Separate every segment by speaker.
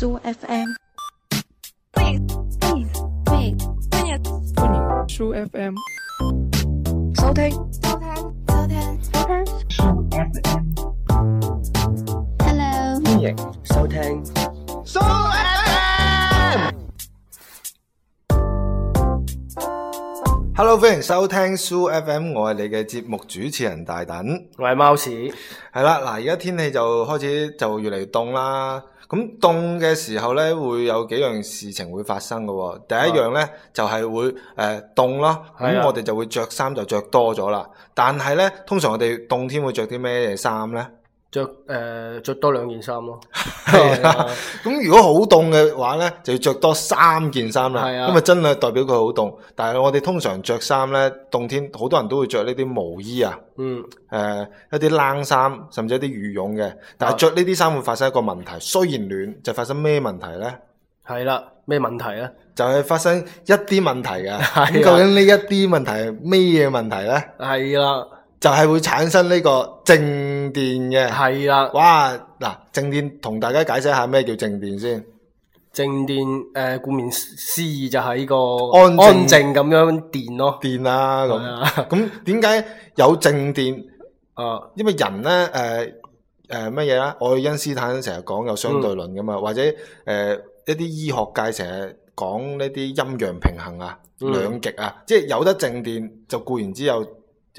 Speaker 1: 蘇 FM，歡迎歡迎蘇 FM，收聽收聽收聽蘇 FM，Hello，歡迎收聽蘇
Speaker 2: FM，Hello，歡迎收聽蘇 FM，我係你嘅節目主持人大躉，我係貓屎，係啦，嗱而家天氣就開始就越嚟越凍啦。咁凍嘅時候呢，會有幾樣事情會發生嘅喎、哦。第一樣呢，啊、就係會誒凍、呃、咯。咁是、啊、我哋就會著衫就著多咗啦。但係呢，通常我哋凍天會著啲咩嘢衫呢？着誒，着多兩件衫咯。咁如果好凍嘅話咧，就要着多三件衫啦。咁啊因為真係代表佢好凍。但係我哋通常着衫咧，冬天好多人都會着呢啲毛衣啊。嗯。誒，一啲冷衫，甚至一啲羽絨嘅。但係着呢啲衫會發生一個問題，雖然暖，就發生咩問題咧？係啦，咩問題咧？就係發生一啲問題嘅。究竟呢一啲問題係咩嘢問題咧？
Speaker 1: 係啦。就係會
Speaker 2: 產生呢個靜電嘅係啦，的哇！嗱，靜電同大家解釋下咩叫靜電先。
Speaker 1: 靜電誒，顧、呃、名思義
Speaker 2: 就係呢個安靜安靜咁樣電咯。電啦、啊，咁咁點解有靜電？啊，因為人咧誒誒乜嘢啦？愛因斯坦成日講有相對論噶嘛，嗯、或者誒、呃、一啲醫學界成日講呢啲陰陽平衡兩極啊、兩極啊，即係有得靜電就固然之有。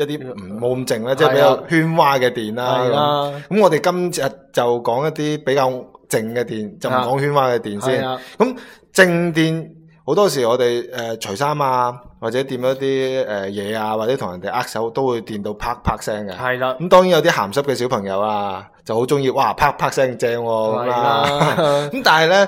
Speaker 2: 一啲冇咁靜啦，即係比較喧嘩嘅電啦。咁、啊，咁我哋今日就講一啲比較靜嘅電，就唔講喧嘩嘅電、啊、先。咁、嗯、靜電好多時我，我哋誒除衫啊，或者掂一啲誒嘢啊，或者同人哋握手都會電到啪啪聲嘅。係啦、啊。咁、嗯、當然有啲鹹濕嘅小朋友啊，就好中意哇啪啪聲正喎咁啦。咁但係咧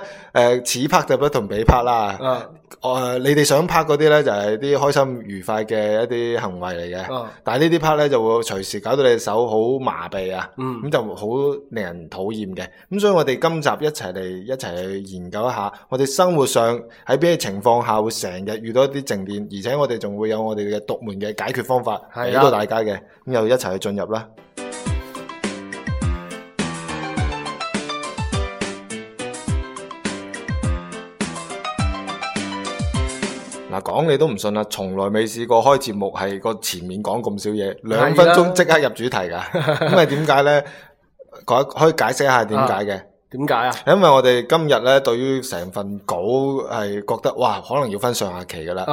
Speaker 2: 誒，此、呃、拍就不同比拍，未拍啦。 我、uh, 你哋想拍嗰啲咧，就係啲開心愉快嘅一啲行為嚟嘅。Uh. 但係呢啲拍咧就會隨時搞到你手好麻痹啊。嗯，咁就好令人討厭嘅。咁所以我哋今集一齊嚟一齊去研究一下，我哋生活上喺邊啲情況下會成日遇到一啲靜電，而且我哋仲會有我哋嘅獨門嘅解決方法俾到的大家嘅。咁又一齊去進入啦。嗱，講你都唔信啊，從來未試過開節目係個前面講咁少嘢，兩分鐘即刻入主題噶， 因為點解咧？可可以解釋一下點解嘅？ 點解啊？為因為我哋今日咧，對於成份稿係覺得哇，可能要分上下期噶啦。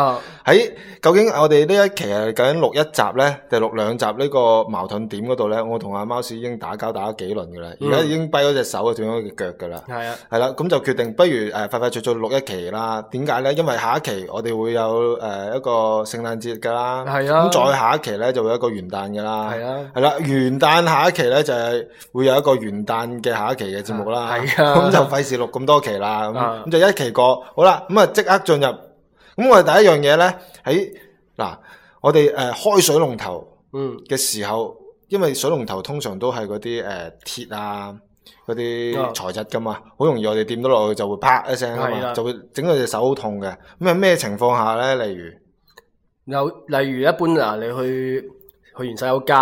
Speaker 2: 喺、uh，究竟我哋呢一期究竟錄一集咧，定錄兩集呢個矛盾點嗰度咧？我同阿貓史已經打交打咗幾輪噶啦，而家已經跛咗隻手啊，斷咗隻腳噶啦。係啊，係啦，咁就決定不如誒、呃、快快脆脆錄一期啦。點解咧？因為下一期我哋會有誒、呃、一個聖誕節噶啦。係啊。咁再下一期咧就會有一個元旦噶啦。係啊。係啦、啊，元旦下一期咧就係會有一個元旦嘅下一期嘅節目啦。係啊，咁就費事錄咁多期啦，咁的就一期過，好啦，咁啊即刻進入，咁我哋第一樣嘢咧，喺，嗱，我哋誒、呃、開水龍頭，嗯嘅時候，嗯、因為水龍頭通常都係嗰啲誒鐵啊嗰啲材質噶嘛，好的容易我哋掂到落去就會啪一聲噶嘛，的就會整到隻手好痛嘅。咁係咩情況下咧？
Speaker 1: 例如有，例如一般嗱，你去去完洗手間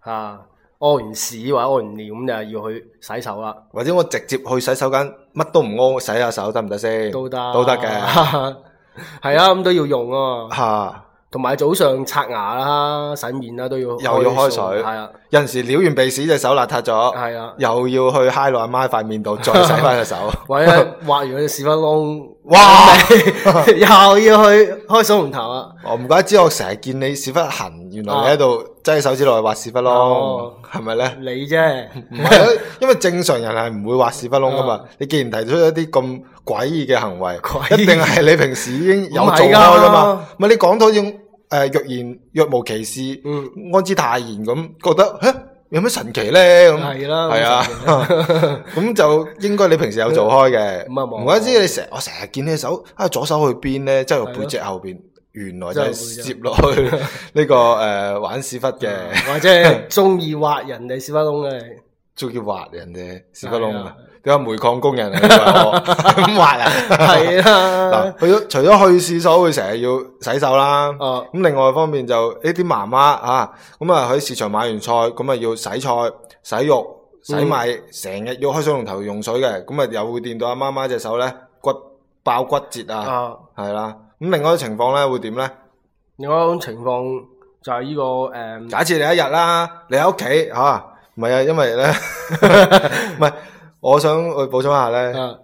Speaker 1: 啊。屙完屎或者屙完尿咁就要去洗手啦，或者我直接去洗手間，乜都唔屙，洗下手得唔得先？都得，都得嘅，哈哈！係啊，咁都要用啊！哈！ 同埋早上刷牙啦、洗面啦都要又要開水，係啊！
Speaker 2: 有陣時撩完鼻屎隻手邋遢咗，係啊，又要去揩落阿媽塊面度再洗翻隻手。或者
Speaker 1: 畫完隻屎忽窿，哇！又要去
Speaker 2: 開水門頭啊！哦，唔怪得之我成日見你屎忽痕，原來你喺度擠手指落去畫屎忽窿，係咪咧？你啫，唔係，因為正常人係唔會畫屎忽窿噶嘛，你既然提出一啲咁詭異嘅行為，一定係你平時已經有做過噶嘛。唔係你講到用。誒，若然若無其事，安之泰然咁，覺得嚇有咩神奇咧咁，係啦，係啊，咁就應該你平時有做開嘅，唔係冇，唔怪之你成日，我成日見你手啊，左手去邊咧？即係背脊後邊，原來就係接落去呢個誒玩屎忽嘅，或者係
Speaker 1: 中意畫人哋屎忽窿嘅，
Speaker 2: 中意畫人哋
Speaker 1: 屎忽窿。叫煤礦工人嚟啊，咁滑啊，係啦。 嗱，
Speaker 2: 除咗去廁所會成日要洗手啦，咁、啊、另外一方面就呢啲媽媽啊，咁啊喺市場買完菜咁啊要洗菜、洗肉、嗯、
Speaker 1: 洗米，
Speaker 2: 成日要開水龍頭用水嘅，咁啊又會掂到阿媽媽隻手咧骨爆骨折啊，係啦、啊。咁另外一種情況咧會點咧？另外一種情況就係呢、這個誒，嗯、假設你一日啦，你喺屋企吓，唔、啊、係啊，因為咧唔係。 我想去補充一下呢。啊、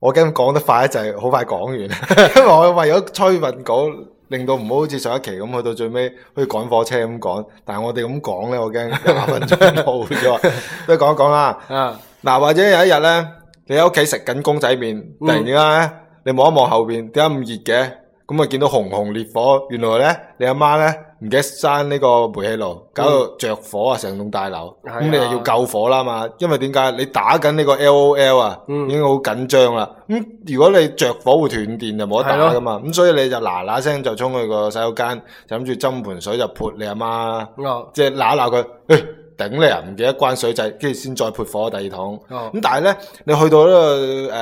Speaker 2: 我驚講得快就係，好快講完。因為我為咗催問稿，令到唔好好似上一期咁去到最尾，好似趕火車咁講。但係我哋咁講呢，我驚一分鐘、啊、 都冇咗。不如講一講啦。嗱，或者有一日咧，你喺屋企食緊公仔麵、嗯、看看麵，突然之間咧，你望一望後面，點解咁熱嘅？咁啊！見到紅紅烈火，原來咧你阿媽咧唔記得閂呢個煤氣爐，搞到着火啊！成棟大樓，咁你就要救火啦嘛？因為點解你打緊呢個 LOL 啊，已經好緊張啦。咁如果你着火會斷電就冇得打㗎嘛。咁所以你就嗱嗱聲就衝去個洗手間，就諗住斟盆水就潑你阿媽，即係鬧一鬧佢，頂你啊！唔記得關水掣，跟住先再潑火第二桶。咁但係咧，你去到呢個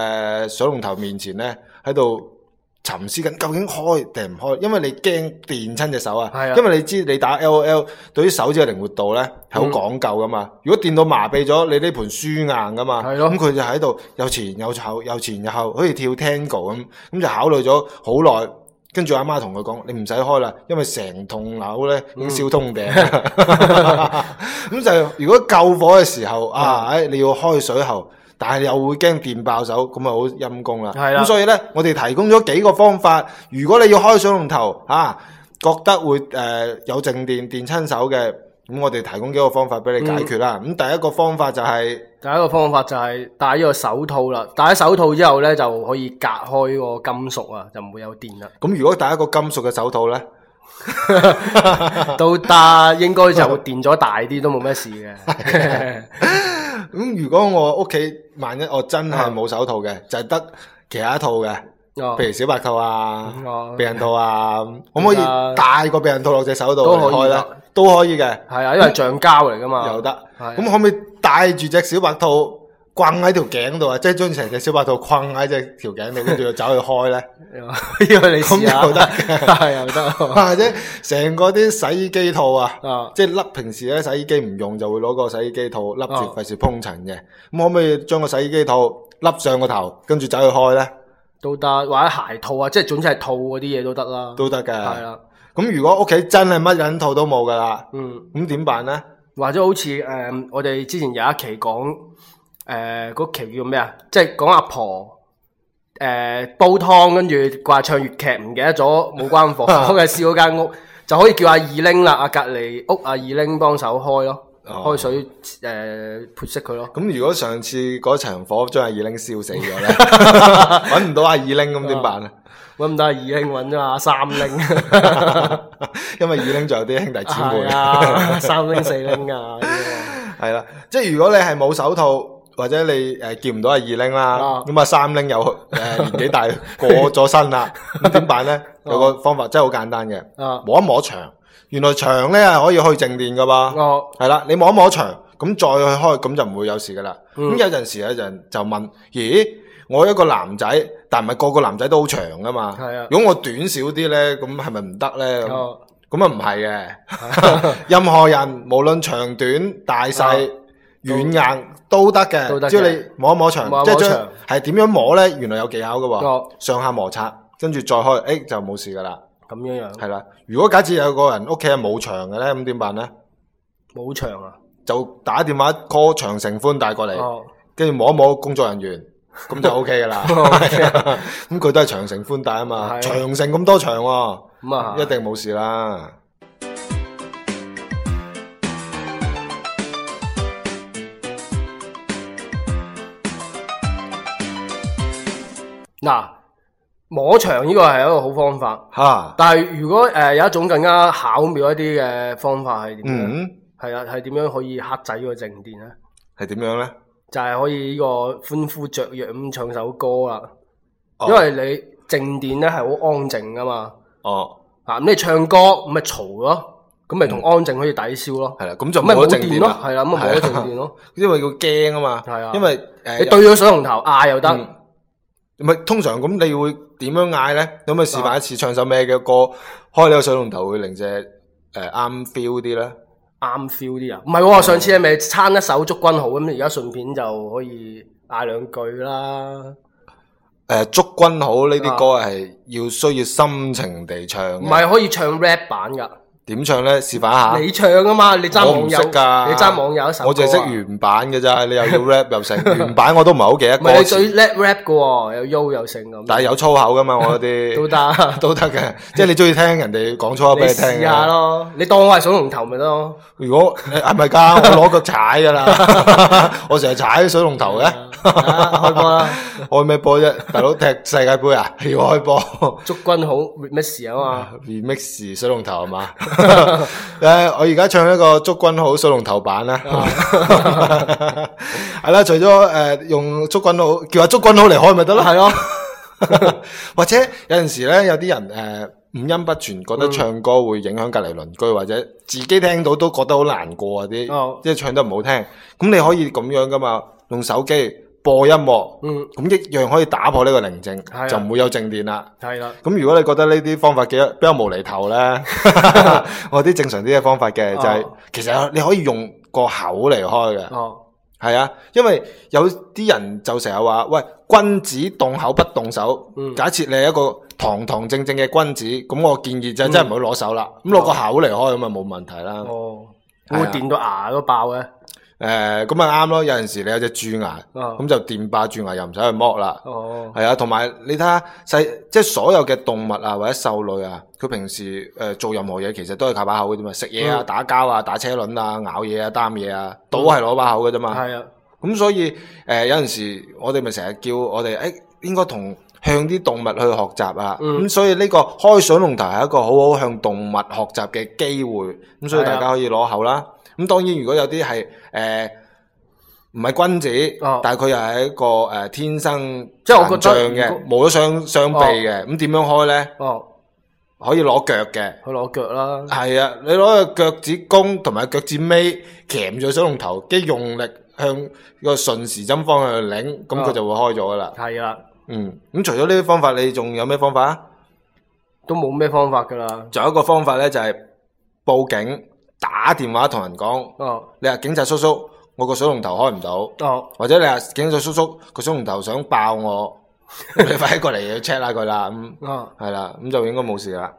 Speaker 2: 誒水龍頭面前咧，喺度，沉思緊，究竟開定唔開？因為你驚電親隻手啊！的因為你知你打 L O L 對於手指嘅靈活度呢係好講究㗎嘛。嗯、如果電到麻痺咗，你呢盤輸硬㗎嘛。咁佢的就喺度又前又後，又前又後，好似跳 Tango 咁。咁、嗯、就考慮咗好耐。媽媽跟住阿媽同佢講：你唔使開啦，因為成棟樓呢已經燒通頂。咁就如果救火嘅時候啊，唉，你要開水喉。但係又會驚電爆手，咁啊好陰功啦。係啦的，咁所以咧，我哋提供咗幾個方法。如果你要開水龍頭，吓、啊、覺得會誒、呃、有靜電電親手嘅，咁
Speaker 1: 我哋提供幾個方法俾你解決啦。咁第一個方法就係，第一個方法就係、是、戴呢個手套啦。戴咗手套之後咧，就可以隔開呢個金屬啊，就唔會有電啦。咁如果戴一個金屬嘅手套咧？ 到達應該就電咗大啲都冇咩事
Speaker 2: 嘅。咁 如果我屋企萬一我真係冇手套嘅，的就係得其他一套嘅，譬、哦、如小白兔啊、避孕套啊，可唔可以帶現在 個避孕套落隻手度嚟開咧？都可以嘅，係啊，因為橡膠嚟噶嘛，又 得。咁的可唔可以帶住隻小白兔？困喺條頸度啊！即係將成隻小白兔困喺隻條頸度，跟住就走去開
Speaker 1: 咧。
Speaker 2: 因為你試下 就，得嘅，得，係又得。或者成個啲洗衣機套啊，即係笠平時咧洗衣機唔用就會攞個洗衣機套笠住，費事碰塵嘅。咁可唔可以將個洗衣機套笠、啊、上個頭，跟住走去開咧？都得，或者鞋套啊，即係總之係套嗰啲嘢
Speaker 1: 都得啦。都得嘅。係啦的。咁的如果屋企真係乜撚套都冇噶啦，嗯，咁點辦咧？或者好似誒，我哋之前有一期講。誒，嗰期、呃那個、叫咩啊？即係講阿婆誒、呃，煲湯跟住掛唱粵劇，唔記得咗冇關火，我係燒嗰間屋， 就可以叫阿二拎啦。阿隔籬屋阿二拎幫手開咯，開水誒潑熄佢咯。
Speaker 2: 咁、呃哦、如果上次嗰場火將阿二拎燒死咗咧，搵唔 到阿二拎咁點辦啊？搵唔到阿二拎，搵啫阿三拎， 因為二拎仲有啲兄弟姊妹啊，三拎四拎噶。係啦，即係如果你係冇手套，或者你誒見唔到阿二玲啦，咁啊三玲又誒年紀大過咗身啦，咁點辦咧？有個方法真係好簡單嘅，摸一摸牆，原來牆咧係可以去靜電嘅噃，係啦，你摸一摸牆，咁再去開，咁就唔會有事嘅啦。咁有陣時有陣就問：咦，我一個男仔，但唔係個個男仔都好長嘅嘛？如果我短少啲咧，咁係咪唔得咧？咁啊唔係嘅，任何人無論長短大細。軟硬都得嘅，只要你摸一摸牆，即係將係點樣摸咧？原來有技巧嘅喎，上下摩擦，跟住再開，誒就冇事噶啦。咁樣樣係啦。如果假設有個人屋企係冇牆嘅咧，咁點辦咧？冇牆啊？就打電話 call 長城寬帶過嚟，跟住摸一摸工作人員，咁就 OK 噶啦。咁佢都係長城寬帶啊嘛，長城咁多牆喎，咁啊一定冇事啦。
Speaker 1: 嗱，摸牆呢個係一個好方法嚇，但係如果誒有一種更加巧妙一啲嘅方法係點樣？係啊，係點樣可以黑仔個靜電咧？
Speaker 2: 係點樣咧？
Speaker 1: 就係可以呢個歡呼雀躍咁唱首歌啦，因為你靜電咧係好安靜噶嘛。哦，啊咁你唱歌咁咪嘈咯，咁咪同安靜可以抵消咯。係啦，咁就冇咗靜電啦。係啦，咁啊冇咗靜電咯，因為佢
Speaker 2: 驚啊嘛。係啊，
Speaker 1: 因為你對咗水龍頭
Speaker 2: 嗌又得。唔係通常咁，你會點樣嗌咧？咁咪示範一次唱首咩嘅歌，開你個水龍頭會令只誒啱 feel 啲咧，啱 feel 啲啊！
Speaker 1: 唔係喎，哦嗯、上次咪撐一首《祝君好》咁，而家順便就可以嗌兩句啦。
Speaker 2: 誒，呃《祝君好》呢啲歌係要需要深情地唱，唔係、啊、可
Speaker 1: 以唱 rap 版㗎。
Speaker 2: 點唱咧？示範下。你
Speaker 1: 唱啊嘛，你揸網友，你揸網友一首。我淨係識
Speaker 2: 原版嘅咋，你又要 rap 又成，原版我都唔係好記得歌詞，我最
Speaker 1: 叻 rap 嘅，又 U 又成咁。
Speaker 2: 但係有粗口噶嘛？我啲都得，都得嘅，即係你中意聽人哋講粗口俾你聽啊。你試下咯，
Speaker 1: 你當我係水龍頭咪得
Speaker 2: 咯？如果係咪噶？我攞腳踩噶啦，我成日踩水龍頭嘅。開波啦，開咩波啫？大佬踢世界杯啊？要開波？祝君好 remix 啊嘛，remix 水龍頭啊嘛。誒， 我而家唱一個祝君好水龍頭版啦，係啦， 除咗誒、呃、用祝君好，叫阿祝君好嚟開咪得咯，係咯，或者有陣時咧，有啲人誒、呃、五音不全，覺得唱歌會影響隔籬鄰居，或者自己聽到都覺得好難過啲，即係、哦、唱得唔好聽，咁你可以咁樣噶嘛，用手機。播音樂，咁一樣可以打破呢個寧靜，就唔會有靜電啦。係啦，咁如果你覺得呢啲方法幾比較無厘頭咧，我啲正常啲嘅方法嘅就係，其實你可以用個口嚟開嘅。哦，係啊，因為有啲人就成日話，喂，君子動口不動手。假設你係一個堂堂正正嘅君子，咁我建議就真係唔好攞手啦。咁攞個口嚟開咁啊冇問題啦。哦，會掂到牙都爆嘅。誒，咁咪啱咯！有陣時你有隻蛀牙，咁、哦、就電爆蛀牙又唔使去剝啦、哦。哦，係啊，同埋你睇下細，即係所有嘅動物啊或者獸類啊，佢平時誒、呃、做任何嘢其實都係靠把口嘅啫嘛，食嘢啊、嗯、打交啊、打車輪啊、咬嘢啊、擔嘢啊，都係攞把口嘅啫嘛。係啊、嗯，咁所以誒、呃、有陣時我哋咪成日叫我哋誒、欸、應該同向啲動物去學習啊。嗯，咁所以呢個開水龍頭係一個好好向動物學習嘅機會。係，咁所以大家可以攞口啦。咁當然，如果有啲係誒唔係君子，哦、但係佢又係一個誒、呃、天生殘障嘅，冇咗雙雙臂嘅，咁點樣開咧？哦，可以攞腳嘅，
Speaker 1: 去攞腳啦。
Speaker 2: 係啊，你攞個腳趾公同埋腳趾尾鉗住個水龍頭，跟住用力向個順時針方向去擰，咁佢、哦、就會開咗噶啦。係啊的，嗯，咁除咗呢啲方法，你仲有咩方法啊？都冇咩方法噶啦。仲有一個方法咧，就係報警。打電話同人講，哦、你話警察叔叔，我個水龍頭開唔到，哦、或者你話警察叔叔，個水龍頭想爆我， 你快啲過嚟去 check 下佢啦。咁，係啦，咁就應該冇事啦。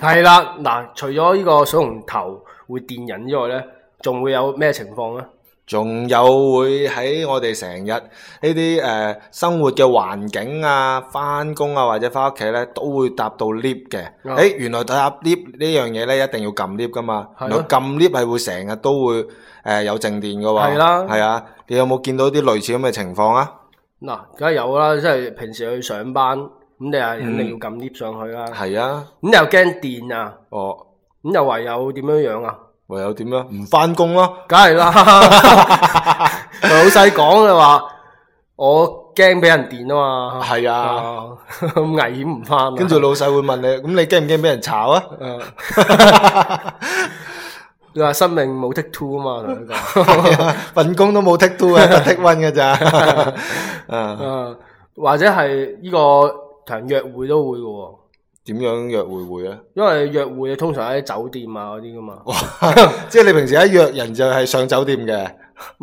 Speaker 1: 係啦，嗱， 除咗呢個水龍頭會電人之外咧，仲會有咩情況咧？仲有會喺我哋成日呢啲誒生活嘅
Speaker 2: 環境啊，翻工啊或者翻屋企咧，都會搭到 lift 嘅。誒，原來搭 lift 呢樣嘢咧，一定要撳 lift 噶嘛。係啊。撳 lift 係會成日都會誒有靜電噶喎。係啦。係啊。你有冇見到啲類似咁嘅情況啊？
Speaker 1: 嗱，梗係有啦，即係平時去上班，咁你啊肯定要撳 lift 上去啦。係啊。咁你又驚電啊？哦。咁又唯有點樣樣啊？唯有點啦？唔翻工咯，梗係啦。哈哈 老細講嘅話，我驚俾人電啊嘛。係啊的、嗯，危險唔翻。跟住老細會問你，咁你驚唔驚俾人炒啊？你話、嗯、 生命冇 take two 啊嘛，同佢講，份工都冇 take two 啊 ，take one 嘅咋？啊，或者係呢、這個同人約會都會嘅喎。點樣約會會呀？因為約會通常喺酒店啊嗰啲噶嘛， 即係你平時一約人就係上酒店嘅，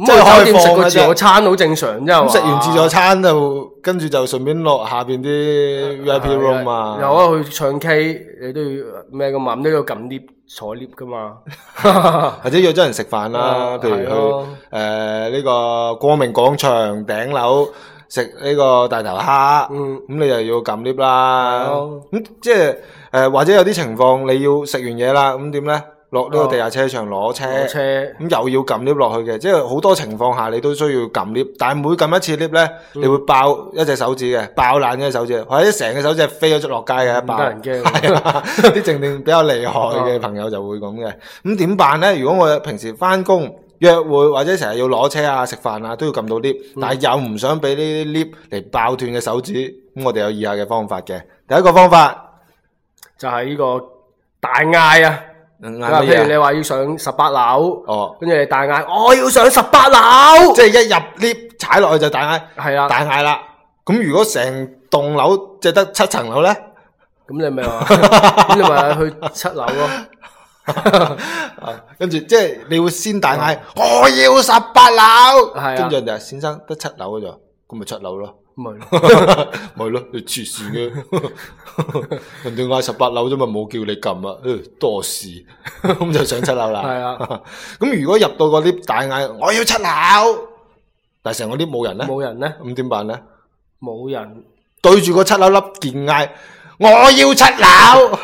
Speaker 2: 即係、嗯、開房、啊、自助餐
Speaker 1: 好正常，之後食完自助
Speaker 2: 餐就跟住就順便落下邊啲 VIP room 啊，有啊，
Speaker 1: 去唱 K 你都要咩噶嘛，咁都要撳 lift 坐 lift 噶嘛，
Speaker 2: 或者約咗人食飯啦，譬、啊、如去誒呢個光明廣場頂樓。頂樓食呢個大頭蝦，咁、嗯、你又要撳 lift 啦，咁的即係誒、呃、或者有啲情況你要食完嘢啦，咁點咧？落呢個地下車場攞、哦、車，咁車又要撳 lift 落去嘅，即係好多情況下你都需要撳 lift，但係每撳一次 lift 咧，嗯、你會爆一隻手指嘅，爆爛一隻手指，或者成個手指飛咗出落街嘅，爆人驚，係嘛是的？啲靜電比較厲害嘅朋友就會咁嘅，咁點、嗯嗯、辦咧？如果我平時翻工。約會或者成日要攞車啊、食飯啊，都要撳到 lift，、嗯、但係又唔想俾呢啲 lift 嚟爆斷嘅手指，咁我哋有以下嘅方法嘅。第一個方法就係呢個大嗌啊，譬如你
Speaker 1: 話要上十八樓，跟住、哦、你大嗌，我要上十八樓，即係一入 lift 踩落去就大嗌，係啊的，大嗌啦。咁如
Speaker 2: 果成棟樓只得七層樓咧，咁你咪話，咁 你咪去七樓咯。跟住即係你會先大嗌，我要十八樓，跟住就先生得七樓嘅就，咁咪七樓咯，咪咪咯，你黐線嘅，人哋嗌十八樓啫嘛，冇叫你撳啊，多事，咁就上七樓啦。係啊，咁如果入到嗰啲大嗌，我要七樓，但係成嗰啲冇人咧，冇人咧，咁點辦咧？
Speaker 1: 冇人對住個七樓粒件嗌。我要七樓，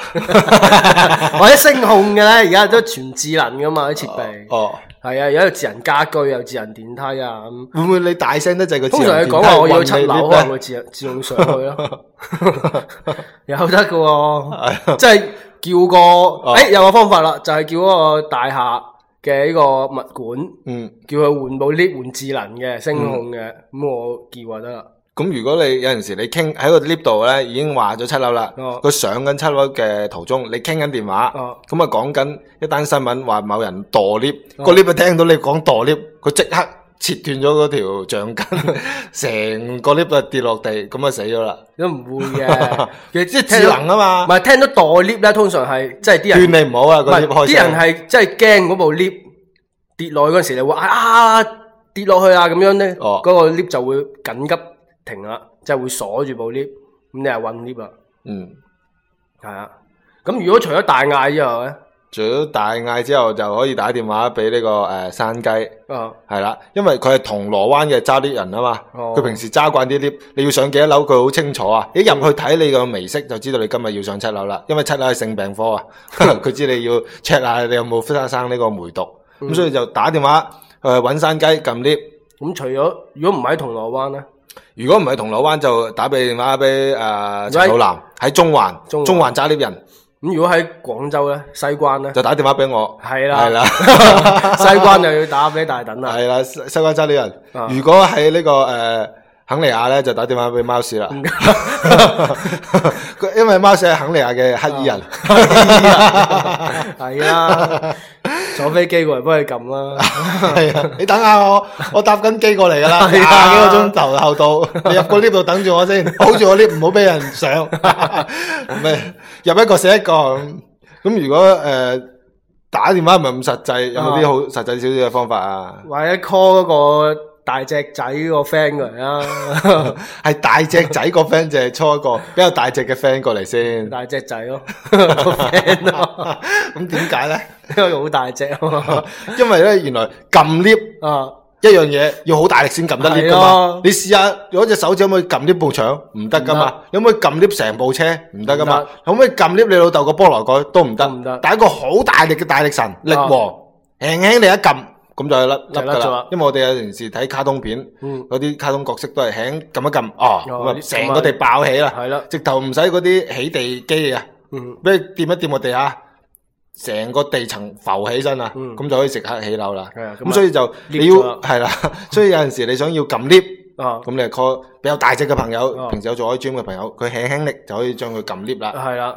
Speaker 1: 或者聲控嘅咧，而家都全智能噶嘛啲設備。哦，係啊，而家有智能家居，有智能電梯啊。會
Speaker 2: 唔會你大聲得滯，通常你講話我要七樓啊？會唔會自自動上去咯？
Speaker 1: 有得噶喎，哦，即、就、係、是、叫個誒，有個方法啦，就係、是、叫嗰個大廈嘅呢個物管，嗯，叫佢換部 lift 換智能嘅聲控嘅，咁、嗯、我叫就得啦。咁如果你有
Speaker 2: 陣時你傾喺個 lift 度咧，已經話咗七樓啦。佢上緊七樓嘅途中，你傾緊電話，咁啊講緊一單新聞，話某人墮 lift。個 lift 啊聽到你講墮 lift，佢即刻切斷咗嗰條橡筋，成個 lift 啊跌落地，咁啊死咗啦。
Speaker 1: 都唔會嘅，其實即係智能啊嘛。唔係聽到墮 lift 咧，通常係即係啲人勸你唔好啊。唔係啲人係即係驚嗰部 lift 跌落去嗰陣時，就會啊跌落去啊咁樣咧。哦，嗰個 lift 就會緊急。停啦，即、就、係、是、會鎖住部 lift，咁你係困 lift 啦。
Speaker 2: 嗯，
Speaker 1: 係啊。咁如果除咗
Speaker 2: 大嗌之後咧？除咗大嗌之後，就可以打電話俾呢、這個誒、呃、山雞。哦，係啦，因為佢係銅鑼灣嘅揸 lift 人啊嘛。佢、哦、平時揸慣啲 lift，你要上幾多樓佢好清楚啊！你一入去睇你個眉色，就知道你今日要上七樓啦。因為七樓係性病科啊，佢 知你要 check 下你有冇發生呢個梅毒。咁、嗯、所以就打電話誒搵山雞撳 lift。咁、嗯、除咗如果唔喺銅鑼灣咧？如果唔係銅鑼灣，就打俾電話俾、呃、陳老南喺因為中環，中環揸呢邊。人
Speaker 1: 如果喺廣州呢，西關呢，就打電話俾我。係啦，係啦，西關就要打俾大
Speaker 2: 躉啦。係啦、啊，西西關揸呢邊。如果喺呢、這個誒。呃肯尼亞咧就打電話俾貓屎啦，因為貓屎係肯尼亞嘅黑衣人，係啊，
Speaker 1: 坐飛機過嚟幫你撳啦，係啊，你
Speaker 2: 等下我，我搭緊機過嚟噶啦，廿幾個鐘頭後
Speaker 1: 到，你入過呢度等住我
Speaker 2: 先，保住我呢，唔好俾人上，唔入一個死一個，咁如果誒打電話唔係咁實際，有冇啲好實際少少嘅方法啊？或者 call 嗰個？大隻仔個 friend 過嚟啦，係大隻仔個 friend 就係初一個比較大隻嘅 friend 過嚟先。大隻仔咯，friend，咁點解咧？因為好大隻，因為咧原來撳 lift 啊，一樣嘢要好大力先撳得 lift 噶嘛。你試下攞隻手指，可唔可以撳 lift 部牆？唔得噶嘛。可唔可以撳 lift 成部車？唔得噶嘛。可唔可以撳 lift 你老豆個菠蘿蓋？都唔得。唔得。但係一個好大力嘅大力神力王，輕輕你一撳。咁就係甩甩啦，因為我哋有陣時睇卡通片，嗰啲卡通角色都係輕撳一撳，哦，成個地爆起啦，直頭唔使嗰啲起地機啊，俾你掂一掂個地下，成個地層浮起身啊，咁就可以即刻起樓啦。咁所以就你要係啦，所以有陣時你想要撳 lift，咁你個比較大隻嘅朋友，平時有做開 gym 嘅朋友，佢輕輕力就可以將佢撳 lift 啦。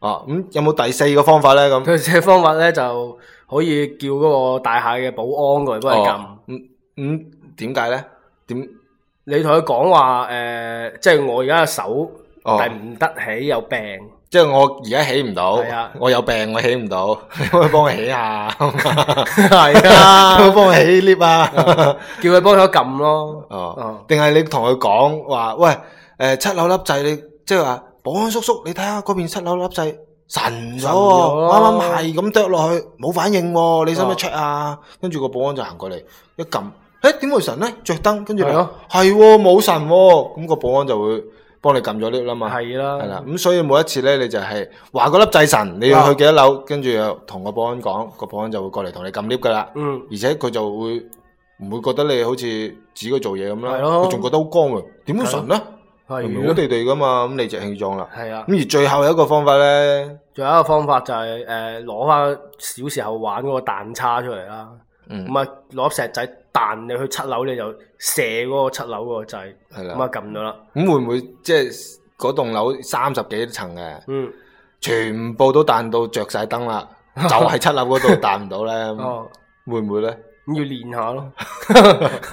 Speaker 2: 哦，咁、嗯、有冇第
Speaker 1: 四個方法咧？咁第四個方法咧就可以叫嗰個大廈嘅保安過嚟幫你撳、哦。嗯，咁點解咧？點？你同佢講話誒，即係我而家手係唔得起，有病。哦、即係我而家起唔到。係啊，
Speaker 2: 我有病，我起唔到。 幫我幫佢起下。係 啊，幫我幫佢起 lift 啊， 叫佢幫手撳咯。哦，定係、哦、你同佢講話，喂，誒、呃、七樓粒掣，你即係話。保安叔叔，你睇下嗰邊七樓粒掣神咗，啱啱係咁啄落去冇反應，啊，你使唔使 check 啊？跟住個保安就行過嚟，一撳，誒，點會神咧？着燈跟住係咯，係冇是、啊啊、神、啊，咁、嗯、個保安就會幫你撳咗 lift 啦嘛，係啦是、啊啊，咁所以每一次咧，你就係話嗰粒掣神，你要去幾多樓，是啊、跟住又同個保安講，個保安就會過嚟同你撳 lift 噶啦，嗯，而且佢就會唔會覺得你好似自己做嘢咁啦，佢仲是、啊、覺得好光，點會神咧？
Speaker 1: 如果地地噶嘛，咁你就氣壯啦。係啊。咁而最後一個方法咧，仲有一個方法就係誒攞翻小時候玩嗰個彈叉出嚟啦。嗯。咁啊，攞石仔彈你去七樓你就射嗰個七樓嗰個掣。係啦。咁啊，撳咗啦。咁
Speaker 2: 會唔會即係嗰棟樓三十幾層嘅，全部都彈
Speaker 1: 到着晒燈啦，就係七樓嗰度彈唔到咧？會唔會咧？要練下咯，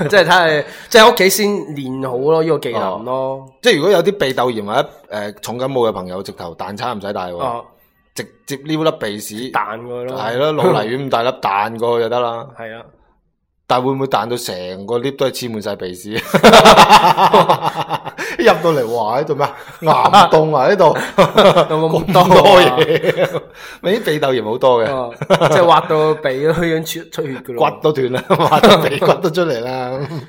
Speaker 1: 即係睇下，即係屋企先練好咯呢個技能咯，
Speaker 2: 啊。即係如果有啲鼻竇炎或者誒、呃、重感冒嘅朋友，直頭彈叉唔使帶喎，啊，直接撩粒鼻屎彈過去咯，係咯，老泥丸咁大粒彈 過去就得啦。係啊。但會唔會彈到成個 lift 都係黐滿晒鼻屎？ 入到嚟哇！喺度咩岩洞啊？喺度有冇咁多嘢，你啲鼻竇炎好多嘅，即係挖到鼻血樣出出血嘅咯， 骨都斷啦，挖到鼻骨都出嚟啦。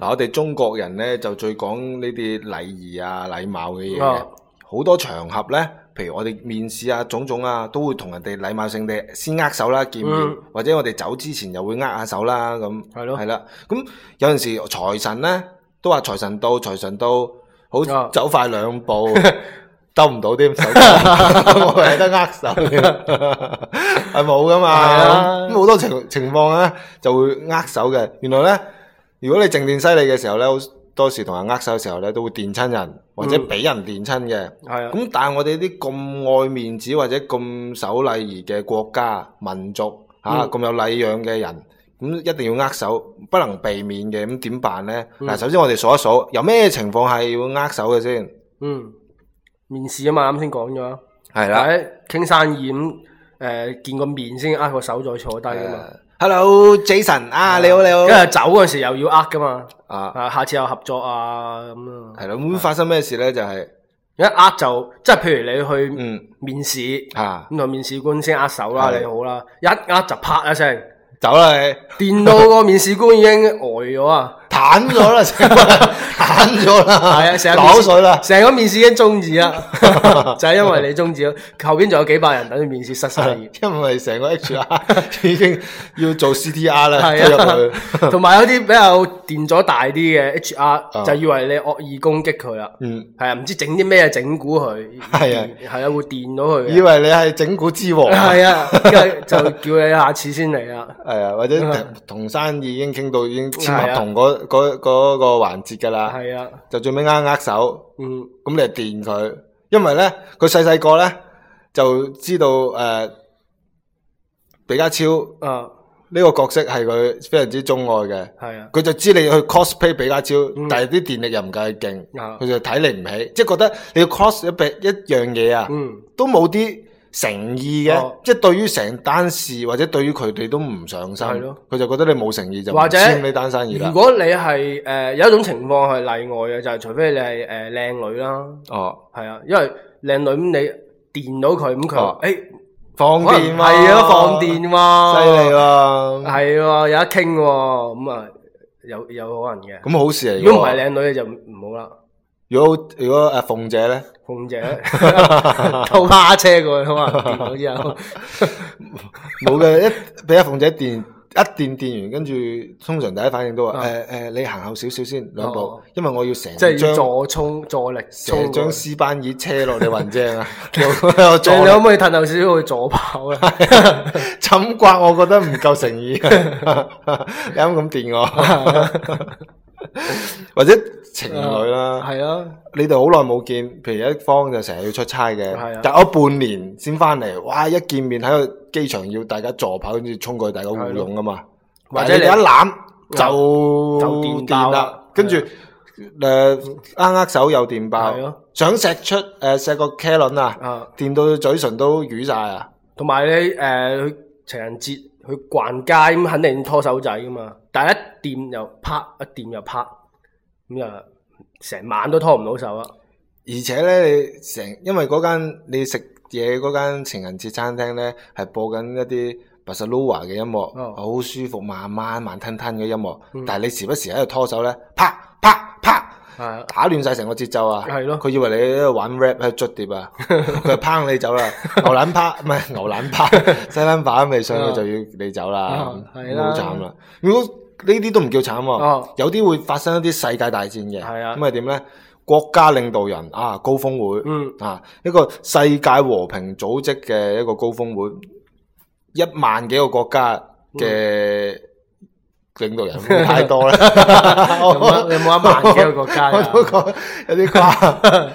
Speaker 2: 我哋中國人呢，就最講呢啲禮儀啊、禮貌嘅嘢嘅，好多場合呢，譬如我哋面試啊、種種啊，都會同人哋禮貌性地先握手啦、見面，嗯、或者我哋走之前又會握下手啦，咁係咯，係啦。咁有陣時財神呢，都話財神到，財神到，好走快兩步，兜唔到手添，， 淨得握手，係冇噶嘛，咁好多情情況呢就會握手嘅，原來呢。如果你靜電犀利嘅時候咧，好多時同人握手嘅時候咧，都會電親人或者俾人電親嘅。係啊、嗯，咁但係我哋啲咁愛面子或者咁守禮儀嘅國家民族嚇，咁、啊嗯、有禮讓嘅人，咁一定要握手，不能避免嘅，咁點辦咧？嗱、嗯，首先我哋數一數，有咩情況係要握手嘅先？嗯，
Speaker 1: 面試啊嘛，啱先講咗。係啦的，傾生意咁，誒、呃、見個面先握個手再坐低啊嘛。嗯。
Speaker 2: Hello，Jason 啊，你好你好。因為，
Speaker 1: 走嗰陣時又要呃噶嘛？啊啊，下次又合作啊咁咯。係啦，咁會發生咩事咧？就係一呃就，即係譬如你去面試吓，咁同面試官先握手啦，你好啦，一呃就啪一聲，走啦你，電到個面試官已經呆咗啊，癱咗啦。揀咗啦，係 啊，成日攪水啦，成個面試已經終止啦， 就係因為你終止咯，後邊仲有幾百人等住面試失晒、啊、因為成個 HR 已經要做 CTR 啦，入啊，同埋去 有啲比較電阻大啲嘅 HR 就以為你惡意攻擊佢啦，嗯，係啊，唔知整啲咩整蠱佢，係啊，係啊，會電到佢，以為
Speaker 2: 你係整蠱之王，係啊， 啊
Speaker 1: 就叫你下次先嚟啦，係啊，或者同生意已經傾到
Speaker 2: 已經簽合同嗰嗰嗰個環節噶啦。係啊，就最尾握握手，嗯，咁你就電佢，因為咧佢細細個咧就知道誒、呃，比加超啊呢個角色係佢非常之鍾愛嘅，係啊，佢就知你去 cosplay 比加超，嗯、但係啲電力又唔夠勁，佢、嗯、就睇你唔起，即係覺得你要 cos 一比一樣嘢啊，嗯，都冇啲誠意嘅，即係對於成單事或者對於佢哋都唔上心，佢就覺得你冇誠意就唔簽你單生意啦。如果
Speaker 1: 你係誒有一種情況係例外嘅，就係除非你係誒靚女啦，哦係啊，因為靚女咁你電到佢，咁佢話誒放電係咯，放電嘛，犀利喎，係喎，有得傾喎，咁啊有有可能嘅。咁好事嚟，如果唔係靚女你就唔好啦。如果如果
Speaker 2: 阿鳳姐咧？鳳鳳姐偷卡 車過去，好嘛？好，然後冇嘅，一俾阿鳳姐電一電，電完跟住，通常第一反應都話，誒誒、嗯呃呃，你行後少少先兩步，因為我要成即係要助
Speaker 1: 操助力，成張斯班椅車落嚟運正啊！你可唔可以褪後少少去左跑
Speaker 2: 啊？侵 刮我覺得唔夠誠意， 你咁咁電我。 或者情侶啦、嗯，係啊，你哋好耐冇見，譬如一方就成日要出差嘅，隔咗、啊、半年先翻嚟，哇！一見面喺個機場要大家助跑，跟住衝過去，大家互擁啊嘛。
Speaker 1: 或者你一攬就
Speaker 2: 掂啦，跟住誒握握手又電爆，
Speaker 1: 想錫出誒，錫個車輪啊，電到嘴唇都瘀晒啊。同埋你誒，情人節。去逛街咁肯定拖手仔噶嘛，但係一掂又啪，一掂又啪，咁又成晚都拖唔到手啦。
Speaker 2: 而且咧，你成因為嗰間你食嘢嗰間情人節餐廳咧，係播緊一啲 Bossa Nova 嘅音樂，好、oh. 舒服，慢慢慢吞吞嘅音樂。但係你時不時喺度拖手咧，啪啪
Speaker 1: 啪。啪。係
Speaker 2: 打亂晒成個節奏啊！係咯，佢以為你喺度玩 rap 喺度捽碟啊，佢就抨你走啦。牛腩扒唔係牛腩扒，西冷扒未上，佢就要你走啦，好慘啦！如果呢啲都唔叫慘，有啲會發生一啲世界大戰嘅。係啊，咁係點咧？國家領導人啊，高峰會，啊一個世界和平組織嘅一個高峰會，一萬幾個國家嘅。領導人太多啦， 有冇有冇一百幾個國家，啊？不過 有啲誇，